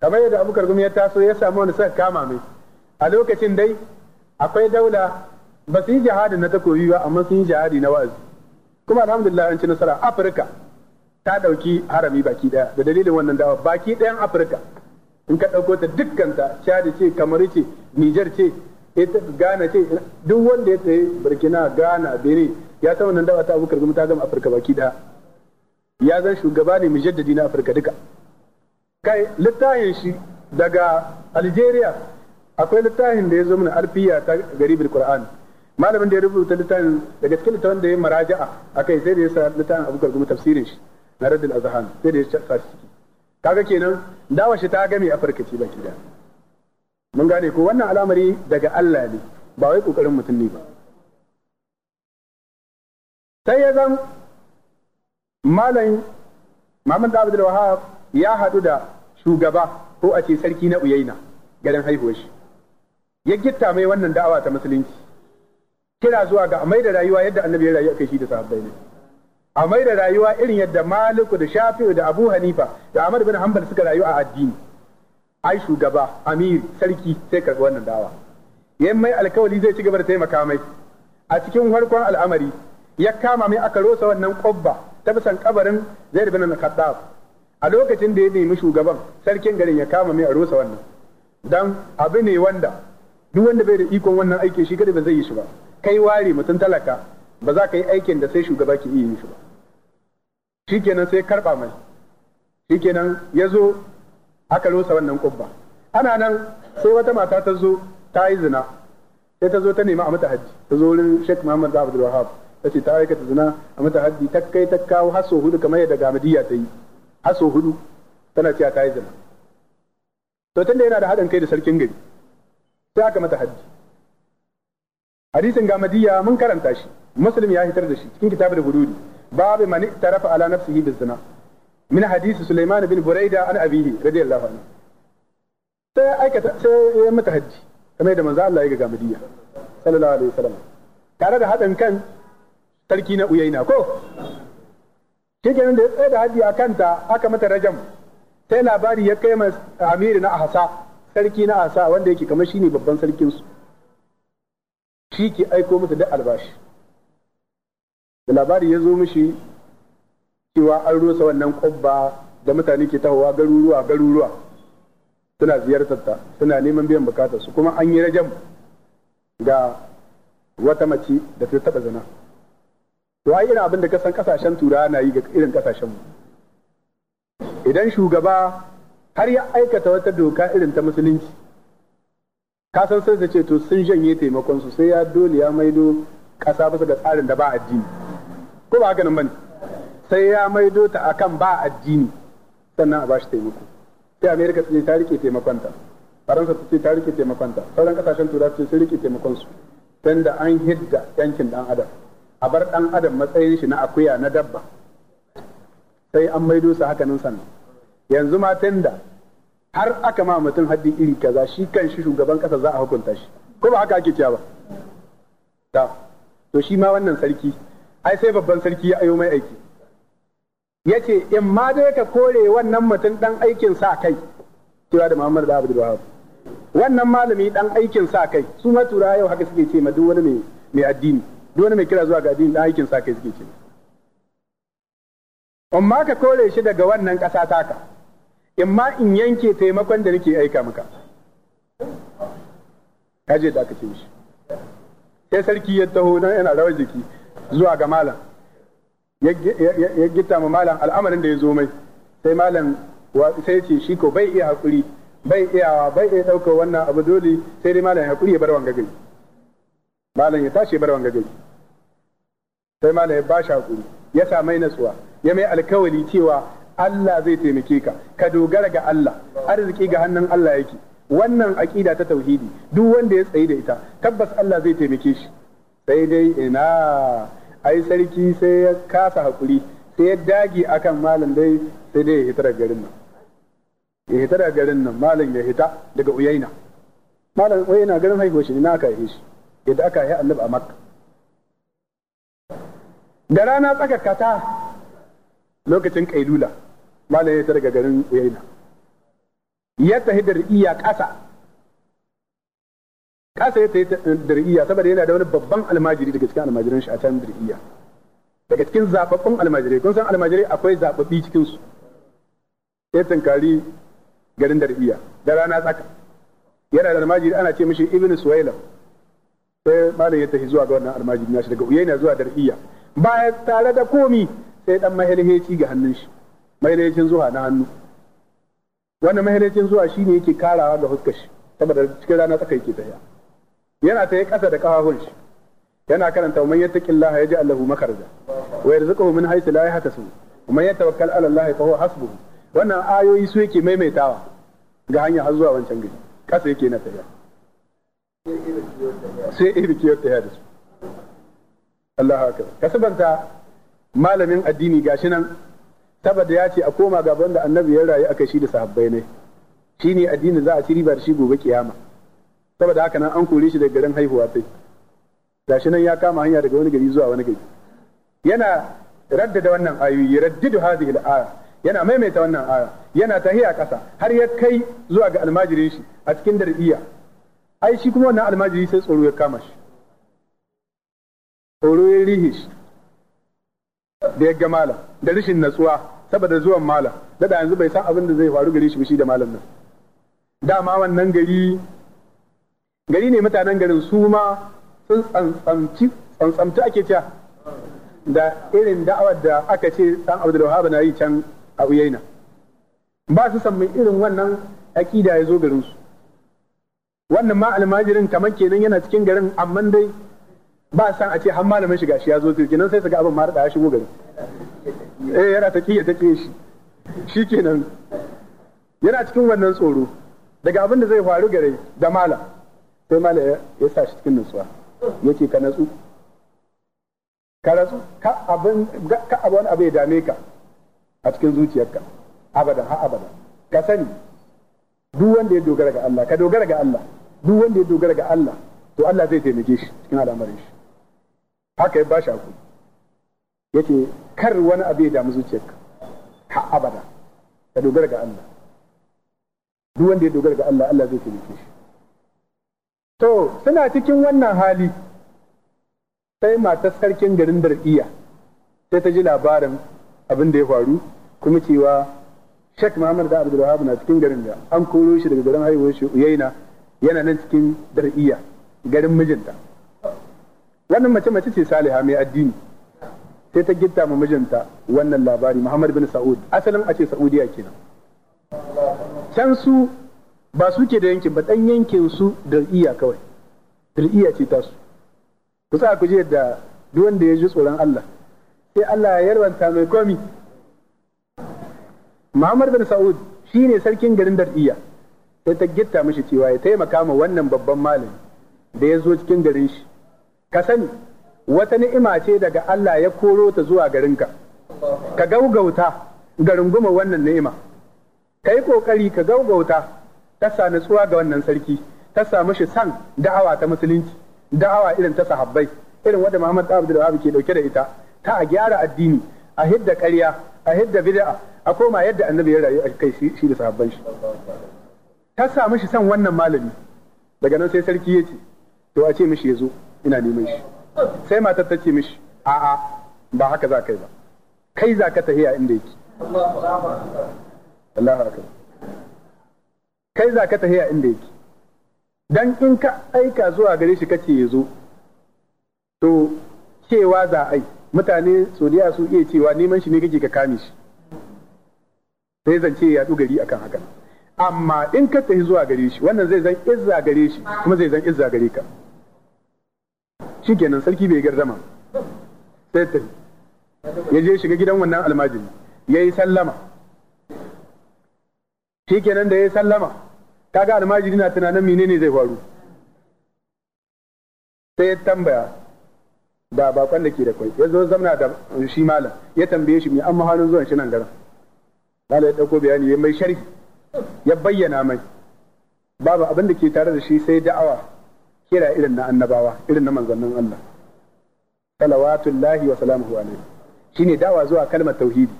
kamar yadda Abubakar gumi ya taso ya sami wani suka kama mai a lokacin dai akwai daula ba su yi jihadi na takobi ba amma sun yi jihadi na wa'azi kuma alhamdulillah an ci nasara Afirka ta ɗauki harami baki ɗaya. da dalilin wannan dawa baki ɗayan Afirka in ka dauko ta dukkan ta Chad ce Kamaru ce Nijar ce ta Ghana ce duk wanda ya tsaye Burkina Ghana Benin ya san wannan dawa ta Abubakar gumi ta gama Afirka baki da ya zan shugaba ne mujaddadi na Afirka duka kai littafin shi daga Algeria akwai littafin da ya zo mana arfiya ta bil Qur'an malamin da ya rubuta littafin daga cikin littafin da ya maraja'a akai sai da ya sa littafin Abubakar gama tafsirin shi na Radul Azhan sai da ya sa ciki kaga kenan dawa shi ta gami Afirka ce baki da mun gane ko wannan al'amari daga Allah ne ba wai kokarin mutum ne ba sai ya zan malam Muhammad Abdul Wahab ya haɗu da shugaba ko a ce sarki na Uyaina garin haihuwar shi ya gitta mai wannan da'awa ta musulunci kira zuwa ga amai da rayuwa yadda annabi ya rayu kai shi da sahabbai ne amai da rayuwa irin yadda Maliku da Shafi'u da Abu Hanifa da Ahmad bin Hanbal suka rayu a addini ai shugaba amir sarki sai karɓi wannan dawa yayin mai alkawali zai ci gaba da taimaka mai a cikin farkon al'amari ya kama mai aka rosa wannan ƙobba ta bisan kabarin zai bin na kaddaf a lokacin da ya nemi shugaban sarkin garin ya kama mai a rosa wannan dan abu ne wanda duk wanda bai da ikon wannan aiki shi kada ba zai yi shi ba kai ware mutum talaka ba za ka yi aikin da sai shugaba ke iya yin shi ba shikenan sai karba mai shikenan ya zo aka rusa wannan kubba ana nan sai wata mata ta zo ta yi zina sai ta zo ta nemi a mata haji ta zo wurin Sheikh Muhammad bin Abdul Wahhab ta ce ta aikata zina a mata haji ta kai ta kawo haso hudu kamar yadda Gamadiya ta yi haso hudu tana cewa ta yi zina to tunda yana da haɗin kai da sarkin gari sai aka mata haji hadisin Gamadiya mun karanta shi Muslim ya hitar da shi cikin kitabul hududi babu man tarafa ala nafsihi bizina min hadisi Sulaiman bin Buraida an abihi radiyallahu anhu sai aikata sai ya mata hajji kamar da manzo Allah ya ga Madina sallallahu alaihi wasallam tare da haɗin kan sarki na Uyaina ko kenan da ya da hajji a kanta aka mata rajam sai labari ya kai ma amiri na Ahsa sarki na Ahsa wanda yake kamar shine babban sarkin su shi ke aiko mata da albashi labari ya zo mishi cewa an rusa wannan kwabba da mutane ke tahowa garuruwa garuruwa suna ziyartar ta suna neman biyan bukatar su kuma an yi rajam ga wata mace da ta taba zina to ai irin abin da kasan kasashen turawa na yi ga irin kasashen mu idan shugaba har ya aikata wata doka irin ta musulunci ka san sai da ce to sun janye taimakon su sai ya dole ya maido kasa bisa ga tsarin da ba addini ko ba haka nan bane sai ya maido ta akan ba addini sannan a bashi taimako sai amerika ta ce ta rike taimakonta faransa ta ce ta rike taimakonta sauran kasashen turai ce sun rike taimakon su tun da an hidda yankin dan adam a bar dan adam matsayin shi na akuya na dabba sai an maido su haka nan sannan yanzu ma tun da har aka ma mutum haddi iri kaza shi kan shi shugaban kasa za a hukunta shi ko ba haka ake cewa ba to shi ma wannan sarki ai sai babban sarki ya ayo mai aiki Ya ce in ma dai ka kore wannan mutum dan aikin sa kai cewa da Muhammad da Abdul Wahab wannan malami dan aikin sa kai su ma yau haka suke ce ma duk wani mai mai addini duk wani mai kira zuwa ga addini dan aikin sa kai suke ce ma ka kore shi daga wannan ƙasa taka in ma in yanke taimakon da nake aika maka kaje da aka ce shi sai sarki ya taho nan yana rawar jiki zuwa ga malam ya gitta ma malam al'amarin da ya zo mai sai malam sai ce shi ko bai iya hakuri bai iyawa bai iya ɗauka wannan abu dole sai dai malam hakuri ya bar wanga gari malam ya tashi ya bar wanga gari sai malam ya ba shi hakuri ya sa mai natsuwa ya mai alkawari cewa Allah zai taimake ka ka dogara ga Allah arziki ga hannun Allah yake wannan aƙida ta tauhidi duk wanda ya tsayi da ita tabbas Allah zai taimake shi sai dai ina ai sarki sai ya kasa hakuri sai ya dage akan malam dai sai dai ya hita daga garin nan ya hita daga garin nan malam ya hita daga uyaina malam uyaina garin haihuwa shi na aka yi shi yadda aka yi annabi a makka da rana tsaka kata lokacin kailula malam ya hita daga garin uyaina ya tahi da iya ƙasa kasa ya tayi eh, dar'iya saboda yana da wani babban almajiri daga cikin almajiran shi a can dar'iya daga cikin zababbun almajirai kun san almajirai akwai zababbi cikin su ya tunkari garin dar'iya da rana tsaka yana da almajiri ana ce mishi ibn suwaila sai malam ya tafi zuwa ga wannan almajiri nashi daga uyaina zuwa dar'iya baya tare da komi sai dan mahilheci ga hannun shi mahilhecin zuwa na hannu wannan mahilhecin zuwa shine yake karawa ga huskar shi saboda cikin rana tsaka yake tafiya yana ta yi ƙasa da ƙahahun shi yana karanta wa man ji Allah hu makarza wa yarzuquhu min haythu la yahtasib wa man yatawakkal 'ala Allah fa huwa hasbuhu wannan ayoyi su yake maimaitawa ga hanya har zuwa wancan gari ƙasa yake na tafiya sai iri kiyar ta da su Allah haka kasabanta malamin addini gashi nan saboda ya ce a koma gaban da annabi ya rayu aka shi da sahabbai ne shine addini za a ci ribar shi gobe kiyama saboda haka nan an kore shi daga garin haihuwa sai gashi nan ya kama hanya daga wani gari zuwa wani gari yana raddada wannan ayoyi raddidu hadhihi al-aya yana maimaita wannan aya yana tahiya kasa har ya kai zuwa ga almajirin shi a cikin dariya ai shi kuma wannan almajiri sai tsoro ya kama shi tsoro ya rihi shi da ya ga malam da rishin natsuwa saboda zuwan malam da yanzu bai san abin da zai faru gare shi shi da malam nan dama wannan gari gari ne mutanen garin su ma sun tsantsamci tsantsamci ake cewa da irin da'awar da aka ce dan Abdul na yi can a Uyaina ba su san mai irin wannan aƙida ya zo garin su wannan ma almajirin kamar kenan yana cikin garin amma dai ba san a ce har malamin shiga shi ya zo cikin nan sai su ga abin mara ya shigo garin eh yana ta kiyaye ta kiyaye shi shi kenan yana cikin wannan tsoro daga abin da zai faru gare da malam sai mala ya sa shi cikin nutsuwa ya ce ka natsu ka natsu ka abin ka abu wani abu ya dame ka a cikin zuciyarka abadan ha abadan ka sani duk wanda ya dogara ga Allah ka dogara ga Allah duk wanda ya dogara ga Allah to Allah zai taimake shi cikin al'amarin shi haka ya bashi hakuri yace kar wani abu ya damu zuciyarka ha abada ka dogara ga Allah duk wanda ya dogara ga Allah Allah zai taimake shi To, suna cikin wannan hali, sai matar sarkin garin Dar'iya sai ta ji labarin abin da ya faru, kuma cewa Sheikh Muhammad da Abdul Wahab na cikin garin da an koro shi daga garin haihuwar shi Uyaina yana nan cikin Dar'iya, garin mijinta. Wannan mace mace ce Saliha mai addini. Sai ta gitta ma mijinta wannan labari Muhammad bin Sa'ud, asalin a ce Sa'udiya kenan. Can su ba su ke da yankin ba dan yankin su da iya kawai iya ce ta su ku sa ku je da duk wanda ya ji tsoron Allah sai Allah ya yarwanta mai komi Muhammad bin Sa'ud shine sarkin garin iya sai ta gitta mishi cewa ya taimaka ma wannan babban malami da ya zo cikin garin shi ka sani wata ni'ima ce daga Allah ya koro ta zuwa garin ka gaugauta ga runguma wannan ni'ima kai kokari ka gaugauta ta sa nutsuwa ga wannan sarki ta samu shi san da'awa ta musulunci da'awa irin ta sahabbai irin wanda Muhammad Abdul Wahab ke dauke da ita ta a gyara addini a hidda ƙarya a hidda bid'a a koma yadda annabi ya rayu a kai shi da sahabban shi ta samu shi san wannan malami daga nan sai sarki ya ce to a ce mishi yazo, ina neman shi sai matar ta ce mishi a'a ba haka za kai ba kai za ka tahiya inda yake Allahu akbar kai za ka tafiya inda yake dan in ka aika zuwa gare shi kace ya zo to cewa za a yi mutane sodiya su iya cewa neman shi ne kake ka kame shi sai zance ya ɗu gari akan hakan amma in ka tafi zuwa gare shi wannan zai zan izza gare shi kuma zai zan izza gare ka shikenan sarki bai gardama sai tafi ya je shiga gidan wannan almajiri ya yi sallama shikenan da ya sallama kaga almajiri na tunanin menene zai faru sai ya tambaya da bakon da ke da kwai ya zo zamna da shi malam ya tambaye shi me an mahanin zuwan shi nan garan malam ya dauko bayani ya mai sharhi ya bayyana mai babu abin da ke tare da shi sai da'awa kira irin na annabawa irin na manzannin Allah salawatullahi wa salamuhu alaihi shine da'awa zuwa kalmar tauhidi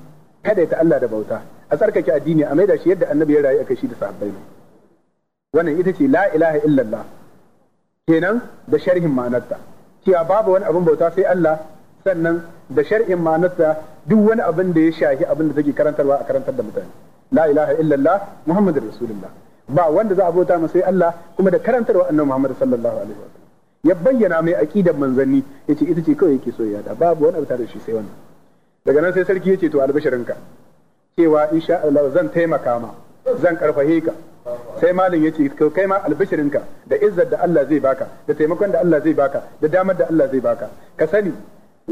kada Allah da bauta a tsarkake addini a maida shi yadda annabi ya rayu a kashi da sahabbai ne wannan ita ce la ilaha illallah kenan da sharhin ma'anarta cewa babu wani abin bauta sai Allah sannan da shar'in ma'anarta duk wani abin da ya shahi abin da take karantarwa a karantar da mutane la ilaha illallah muhammadur rasulullah ba wanda za a bauta masa sai Allah kuma da karantarwa annabi Muhammad sallallahu alaihi wasallam ya bayyana mai aqidar manzanni yace ita ce kawai yake so ya da babu wani abu tare da shi sai wannan daga nan sai sarki ya ce to albashirinka cewa insha Allah zan taimaka ma zan karfahe ka sai malam ya ce kai ma albashirinka da izzar da Allah zai baka da taimakon da Allah zai baka da damar da Allah zai baka ka sani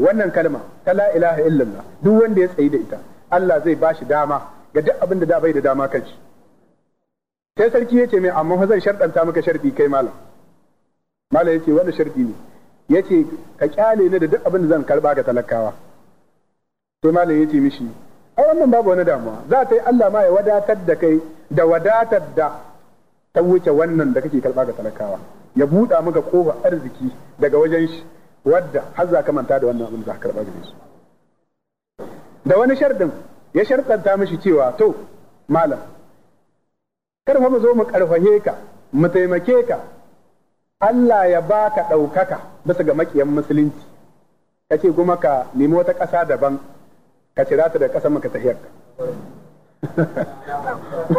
wannan kalma ta la ilaha illallah duk wanda ya tsayi da ita Allah zai bashi dama ga duk abin da bai da dama kanci sai sarki ya ce mai amma zan sharɗanta maka sharɗi kai malam malam ya ce wani sharɗi ne ya ce ka kyale ni da duk abin da zan karba ga talakawa to malam ya ce mishi a wannan babu wani damuwa za ta yi Allah ma ya wadatar da kai da wadatar da ta wuce wannan da kake karba ga talakawa ya buɗa maka kofa arziki daga wajen shi wadda har za ka manta da wannan abin za ka karba su da wani shardin ya sharɗanta mishi cewa to malam karfa mu zo mu karfahe ka mu taimake ka Allah ya baka ɗaukaka bisa ga makiyan musulunci kace kuma ka nemi wata ƙasa daban ka cira ta da ƙasar maka tahiyar ka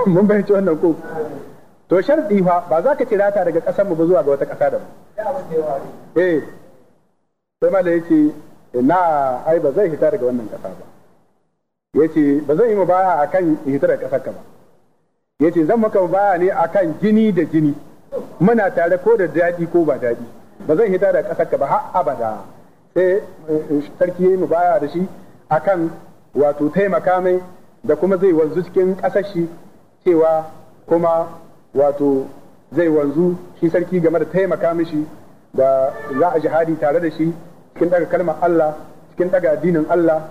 mun bayyace wannan ko to sharɗi fa ba za ka cira ta daga ƙasar mu ba zuwa ga wata ƙasa da mu eh sai ma da yace na ai ba zai hita daga wannan ƙasa ba yace ba zan yi mu baya akan hita daga ƙasar ka ba yace zan maka baya ne akan jini da jini muna tare ko da daɗi ko ba daɗi ba zan hita daga ƙasar ka ba har abada sai eh, sarki ya yi mu baya da shi akan wato taimaka mai da kuma zai wanzu cikin ƙasashe cewa kuma wato zai wanzu shi sarki game da taimaka mishi da za a jihadi tare da shi cikin daga kalmar Allah cikin daga addinin Allah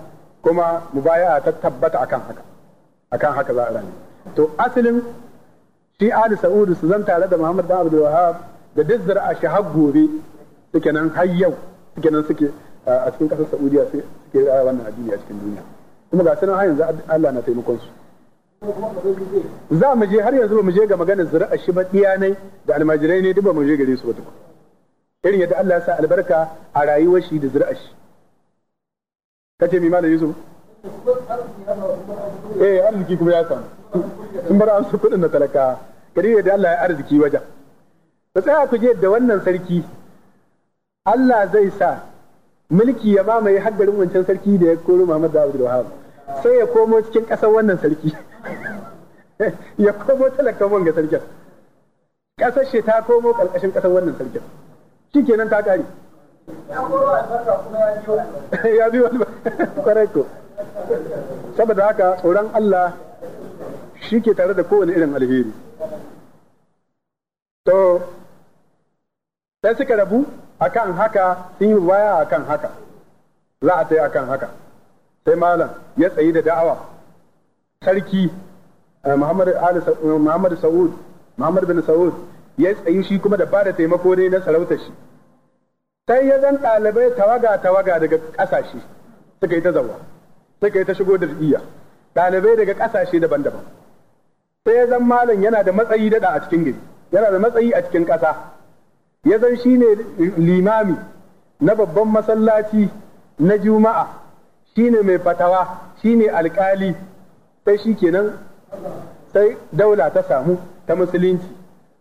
kuma mu baya ta tabbata akan haka akan haka za a rani to asalin shi Ali Sa'udu su zan tare da Muhammad bin Abdul Wahhab da dizzar a shahab gobe suke nan har yau suke nan suke a cikin ƙasar Saudiya kira wannan addini a cikin duniya kuma ga sanan har yanzu Allah na taimakon su za mu je har yanzu ba mu je ga maganar zuri'a shi ba diyanai da almajirai ne duk ba mu je gare su ba duk irin yadda Allah ya sa albarka a rayuwar shi da zuri'a shi kace mi malam Yusuf eh arziki kuma ya samu sun bar an su kudin na talaka kare yadda Allah ya arziki wajen Ku tsaya ku je da wannan sarki Allah zai sa mulki ya mamaye haddarin wancan sarki da ya koro Muhammad da Abdul Wahab sai ya komo cikin ƙasar wannan sarki ya komo talakan wanga sarkin ƙasar shi ta komo ƙarƙashin ƙasar wannan sarkin shikenan ta ƙare ya biyo kwarai ko saboda haka tsoron Allah shi ke tare da kowane irin alheri to sai suka rabu akan haka sun yi baya akan haka za a tsaye akan haka sai malam ya tsayi da da'awa sarki eh, Muhammad eh, Muhammad Saud Muhammad bin Saud ya tsayi shi kuma da bada taimako ne na sarauta shi sai ya zan ɗalibai tawaga tawaga daga ƙasashe suka yi ta zawa suka yi ta shigo da iya ɗalibai daga ƙasashe daban-daban sai ya zan malam yana da matsayi daɗa a cikin gari yana da matsayi a cikin ƙasa ya zan shi ne limami na babban masallaci na juma'a shi ne mai fatawa shi ne alkali sai shi kenan sai daula ta samu ta musulunci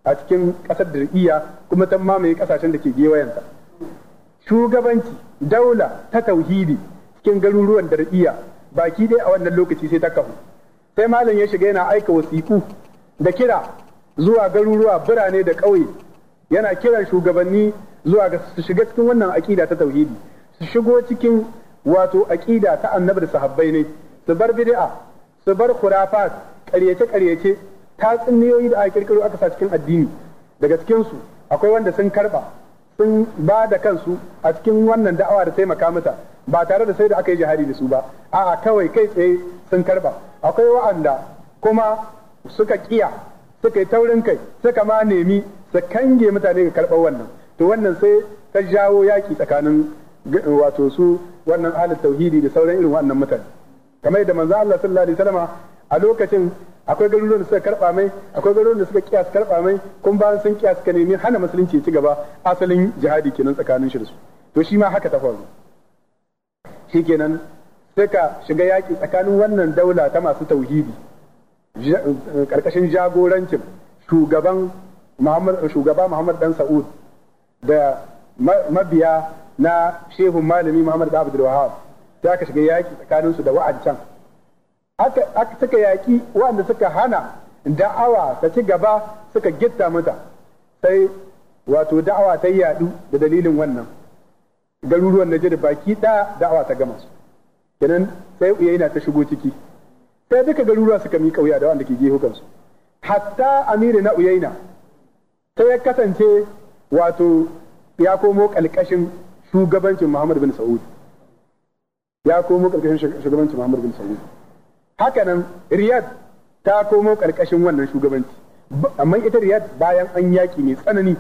a cikin ƙasar iya kuma ta mamaye ƙasashen da ke gewayenta shugabanci daula ta tauhidi cikin garuruwan da iya baki dai a wannan lokaci sai ta kahu sai malam ya shiga yana aika wasiƙu da kira zuwa garuruwa birane da ƙauye yana kiran shugabanni zuwa ga su shiga cikin wannan aƙida ta tauhidi su shigo cikin wato aƙida ta annabi da sahabbai ne su bar bid'a su bar khurafat ƙaryace ƙaryace ta tsinniyoyi da aka kirkiro aka sa cikin addini daga cikin su akwai wanda sun karba sun ba da kansu a cikin wannan da'awa da taimaka mata ba tare da sai da aka yi jihadi da su ba a'a kawai kai tsaye sun karba akwai wa'anda kuma suka kiya suka yi taurin kai suka ma nemi su kange mutane ga karɓar wannan to wannan sai ta jawo yaki tsakanin wato su wannan ahlul tauhidi da sauran irin wannan mutane kamar yadda manzo Allah sallallahu alaihi wasallam a lokacin akwai garuruwan da suka karba mai akwai garuruwan da suka kiyas karba mai kun bayan sun kiyas ka nemi hana musulunci ci gaba asalin jihadi kenan tsakanin shi da su to shi ma haka ta faru shikenan sai ka shiga yaki tsakanin wannan daula ta masu tauhidi karkashin jagorancin shugaban shugaba Muhammad dan Sa'ud da mabiya na shehun malami Muhammad da Abdul Wahab sai aka shiga yaƙi tsakaninsu da wa'ancan aka aka suka yaƙi wa'anda suka hana da'awa ta ci gaba suka gitta mata sai wato da'awa ta yaɗu da dalilin wannan garuruwan Najeriya baki ɗaya da'awa ta gama su kenan sai yana ta shigo ciki sai duka garuruwa suka miƙa wuya da wanda ke gefe kansu hatta amiri na uyaina sai ya kasance wato ya komo ƙalƙashin shugabancin Muhammad bin Sa'ud ya komo ƙarƙashin shugabancin Muhammad bin Sa'ud hakanan Riyad ta komo ƙarƙashin wannan shugabanci amma ita Riyad bayan an yaƙi mai tsanani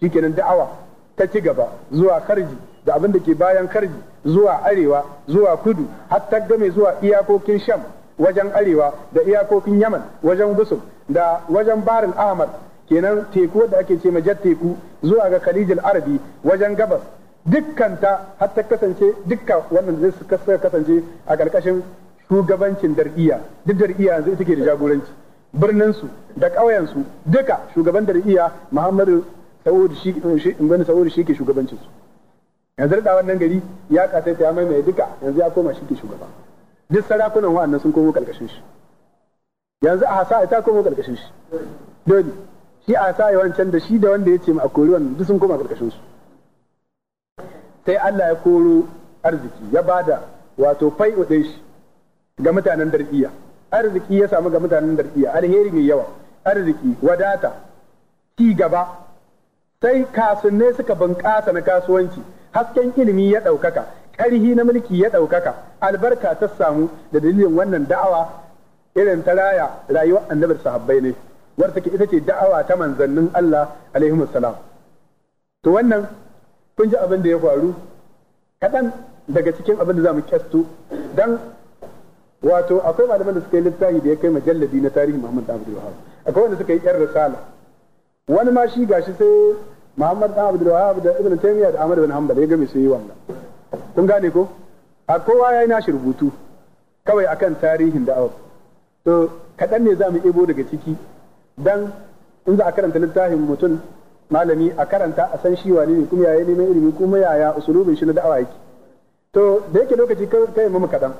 shikenan da'awa ta ci gaba zuwa karji da abin da ke bayan karji zuwa arewa zuwa kudu har ta game zuwa iyakokin Sham wajen arewa da iyakokin Yaman wajen gusuf da wajen Barin Ahmad kenan teku da ake ce majar teku zuwa ga kalijin arabi wajen gabas dukkanta har ta kasance dukkan wannan zai suka kasance a karkashin shugabancin dar'iya duk dar'iya yanzu ita ke da jagoranci birnin su da ƙauyen su duka shugaban dar'iya muhammadu sa'ud shi ibn sa'ud shi ke shugabancin su yanzu da wannan gari ya ta ya mai duka yanzu ya koma shi ke shugaba duk sarakunan wa'annan sun komo karkashin shi yanzu a hasa ta komo karkashin shi dole shi a sa wancan da shi da wanda ya ce ma a kori wannan duk sun koma karkashin su sai Allah ya koro arziki ya bada wato fai ɗin shi ga mutanen dariya arziki ya samu ga mutanen dariya alheri mai yawa arziki wadata ci gaba sai kasunne suka bunƙasa na kasuwanci hasken ilimi ya ɗaukaka ƙarhi na mulki ya ɗaukaka albarka ta samu da dalilin wannan da'awa irin ta raya rayuwar annabar sahabbai ne wadda take ita ce da'awa ta manzannin Allah alaihi salam to wannan kun ji abin da ya faru kaɗan daga cikin abin da za mu kyastu dan wato akwai malaman da suka yi littafi da ya kai majalladi na tarihi Muhammad Abdul Wahab akwai wanda suka yi yar risala wani ma shi gashi sai Muhammad Abdul Wahab da Ibn Taymiyyah da Ahmad bin Hanbal ya game sai yi wannan kun gane ko a kowa yayi nashi rubutu kawai akan tarihin da'awa to kaɗan ne za mu ibo daga ciki dan in za a karanta littafin mutum malami a karanta a san shi wani ne kuma yaya neman ilimi kuma yaya usulubin shi na da'awa yake to da yake lokaci kai mu kaɗan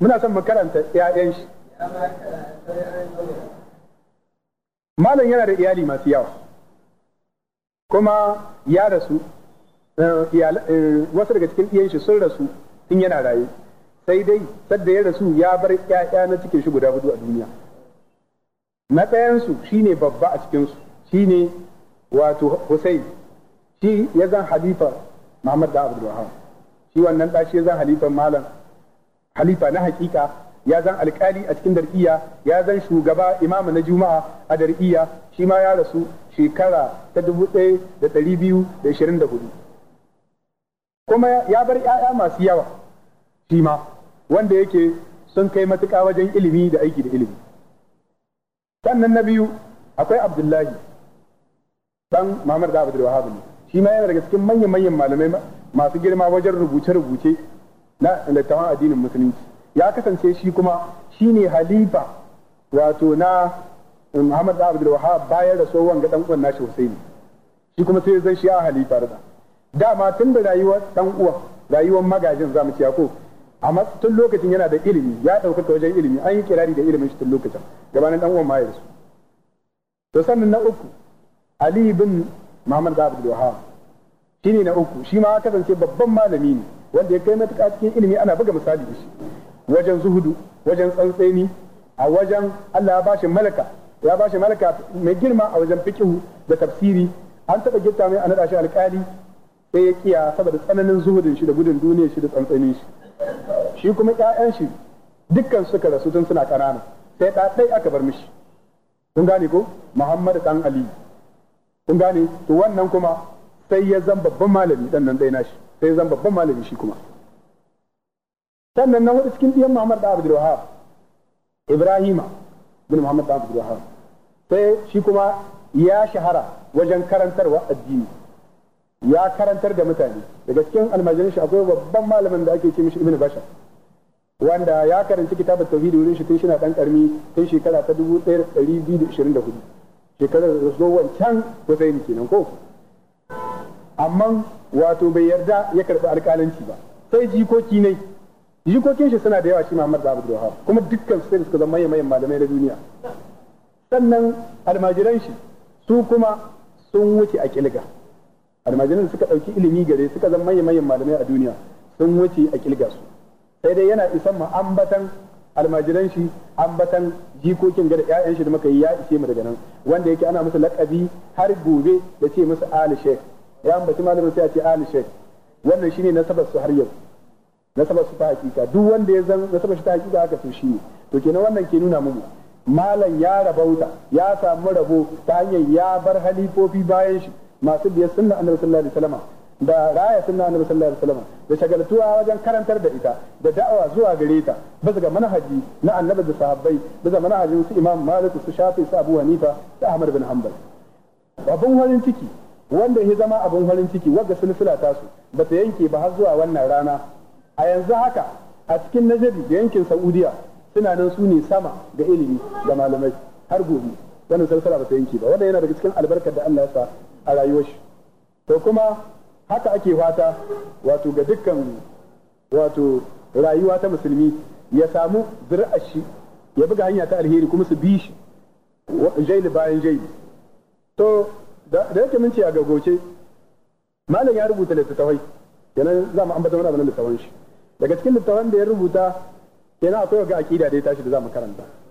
muna son mu karanta iyayen shi malam yana da iyali masu yawa kuma ya rasu eh, eh, wasu daga cikin iyayen shi sun rasu in yana raye sai dai sadda ya rasu ya bar 'ya'ya na cikin shi guda hudu a duniya na ɗayansu shine babba a cikinsu shine wato Hussein shi ya zan halifa Muhammad da Abdul Wahab shi wannan ɗashi ya zan halifa malam halifa na hakika ya zan alkali a cikin dar'iya ya zan shugaba imamu na juma'a a dar'iya shi ma ya rasu shekara ta dubu ɗaya da ɗari biyu da ishirin da hudu kuma ya bar 'ya'ya masu yawa shi ma wanda yake sun kai matuƙa wajen ilimi da aiki da ilimi sannan na biyu akwai abdullahi ɗan muhammad da abdul wahab ne shi ma yana daga cikin manyan manyan malamai masu girma wajen rubuce rubuce na littafin addinin musulunci ya kasance shi kuma shi ne halifa wato na muhammad da abdul wahab bayan rasuwan ga dan uwan nashi husaini shi kuma sai zai shi a halifa da dama tun da rayuwar dan uwan rayuwar magajin zamu ce ko amma tun lokacin yana da ilimi ya ɗaukaka wajen ilimi an yi kirari da ilimin shi tun lokacin gabanin dan uwan ma yarsu to sannan na uku Ali bin Muhammad da Abdul Wahab shine na uku shi ma kasance babban malami ne wanda ya kai matuƙa cikin ilimi ana buga misali da shi wajen zuhudu wajen tsantseni a wajen Allah ya bashi malaka ya bashi malaka mai girma a wajen fiqhu da tafsiri an taɓa gitta mai a naɗa shi alƙali sai ya kiya saboda tsananin zuhudin shi da gudun duniya shi da tsantsanin shi shi kuma ƴaƴan shi dukkan suka rasu tun suna ƙanana sai ɗa ɗai aka bar mishi kun gane ko Muhammad dan Ali kun gane to wannan kuma sai ya zan babban malami dan nan dai nashi sai ya zan babban malami shi kuma sannan na hudu cikin ɗiyan Muhammad da Abdul Wahab Ibrahima bin Muhammad da Abdul Wahab sai shi kuma ya shahara wajen karantarwa addini ya karantar da mutane daga cikin almajirin shi akwai babban malamin da ake ce mishi ibn bashar wanda ya karanci kitabun tauhidi wurin shi tun shi na dan karmi tun shekara ta 1224 shekarar da zo wancan Husaini kenan ko amma wato bai yarda ya karɓi alƙalanci ba sai jikoki ne jikokin shi suna da yawa shi Muhammad Abu Dawud kuma dukkan sai suka zama manyan malamai na duniya sannan almajiran shi su kuma sun wuce a kilga almajiran suka ɗauki ilimi gare suka zama manyan manyan malamai a duniya sun wuce a kilga su sai dai yana isan mu ambatan almajiran shi ambatan jikokin ga ƴaƴan shi da muka yi ya ishe mu daga nan wanda yake ana musu laƙabi har gobe da ce musu ali sheikh ya ambaci malamin sai a ce ali sheikh wannan shine nasabar su har yau nasabar su ta hakika duk wanda ya zan nasabar shi ta hakika haka to shi to kenan wannan ke nuna mu malam ya rabauta ya samu rabo ta hanyar ya bar halifofi bayan shi masu biyar sunna annabi sallallahu alaihi wasallam da raya sunna annabi sallallahu alaihi wasallam da shagaltuwa wajen karantar da ita da da'awa zuwa gare ta bisa ga manhaji na annabi da sahabbai bisa manhajin su imam malik su shafi su abu hanifa da ahmad bin hanbal abun farin ciki wanda ya zama abun farin ciki wanda silsila ta su ba ta yanke ba har zuwa wannan rana a yanzu haka a cikin najadi da yankin saudiya suna nan su ne sama ga ilimi da malamai har gobe wannan silsila ba ta yanke ba wanda yana daga cikin albarkar da Allah ya sa a rayuwar shi to kuma haka ake fata wato ga dukkan wato rayuwa ta musulmi ya samu zira'ar shi ya buga hanya ta alheri kuma su bi shi jaili bayan jaili to da yake mun ce a gagoce malam ya rubuta littattafai yana za mu ambata wani abu littattafan shi daga cikin littattafan da ya rubuta yana akwai ga akida da ya tashi da za mu karanta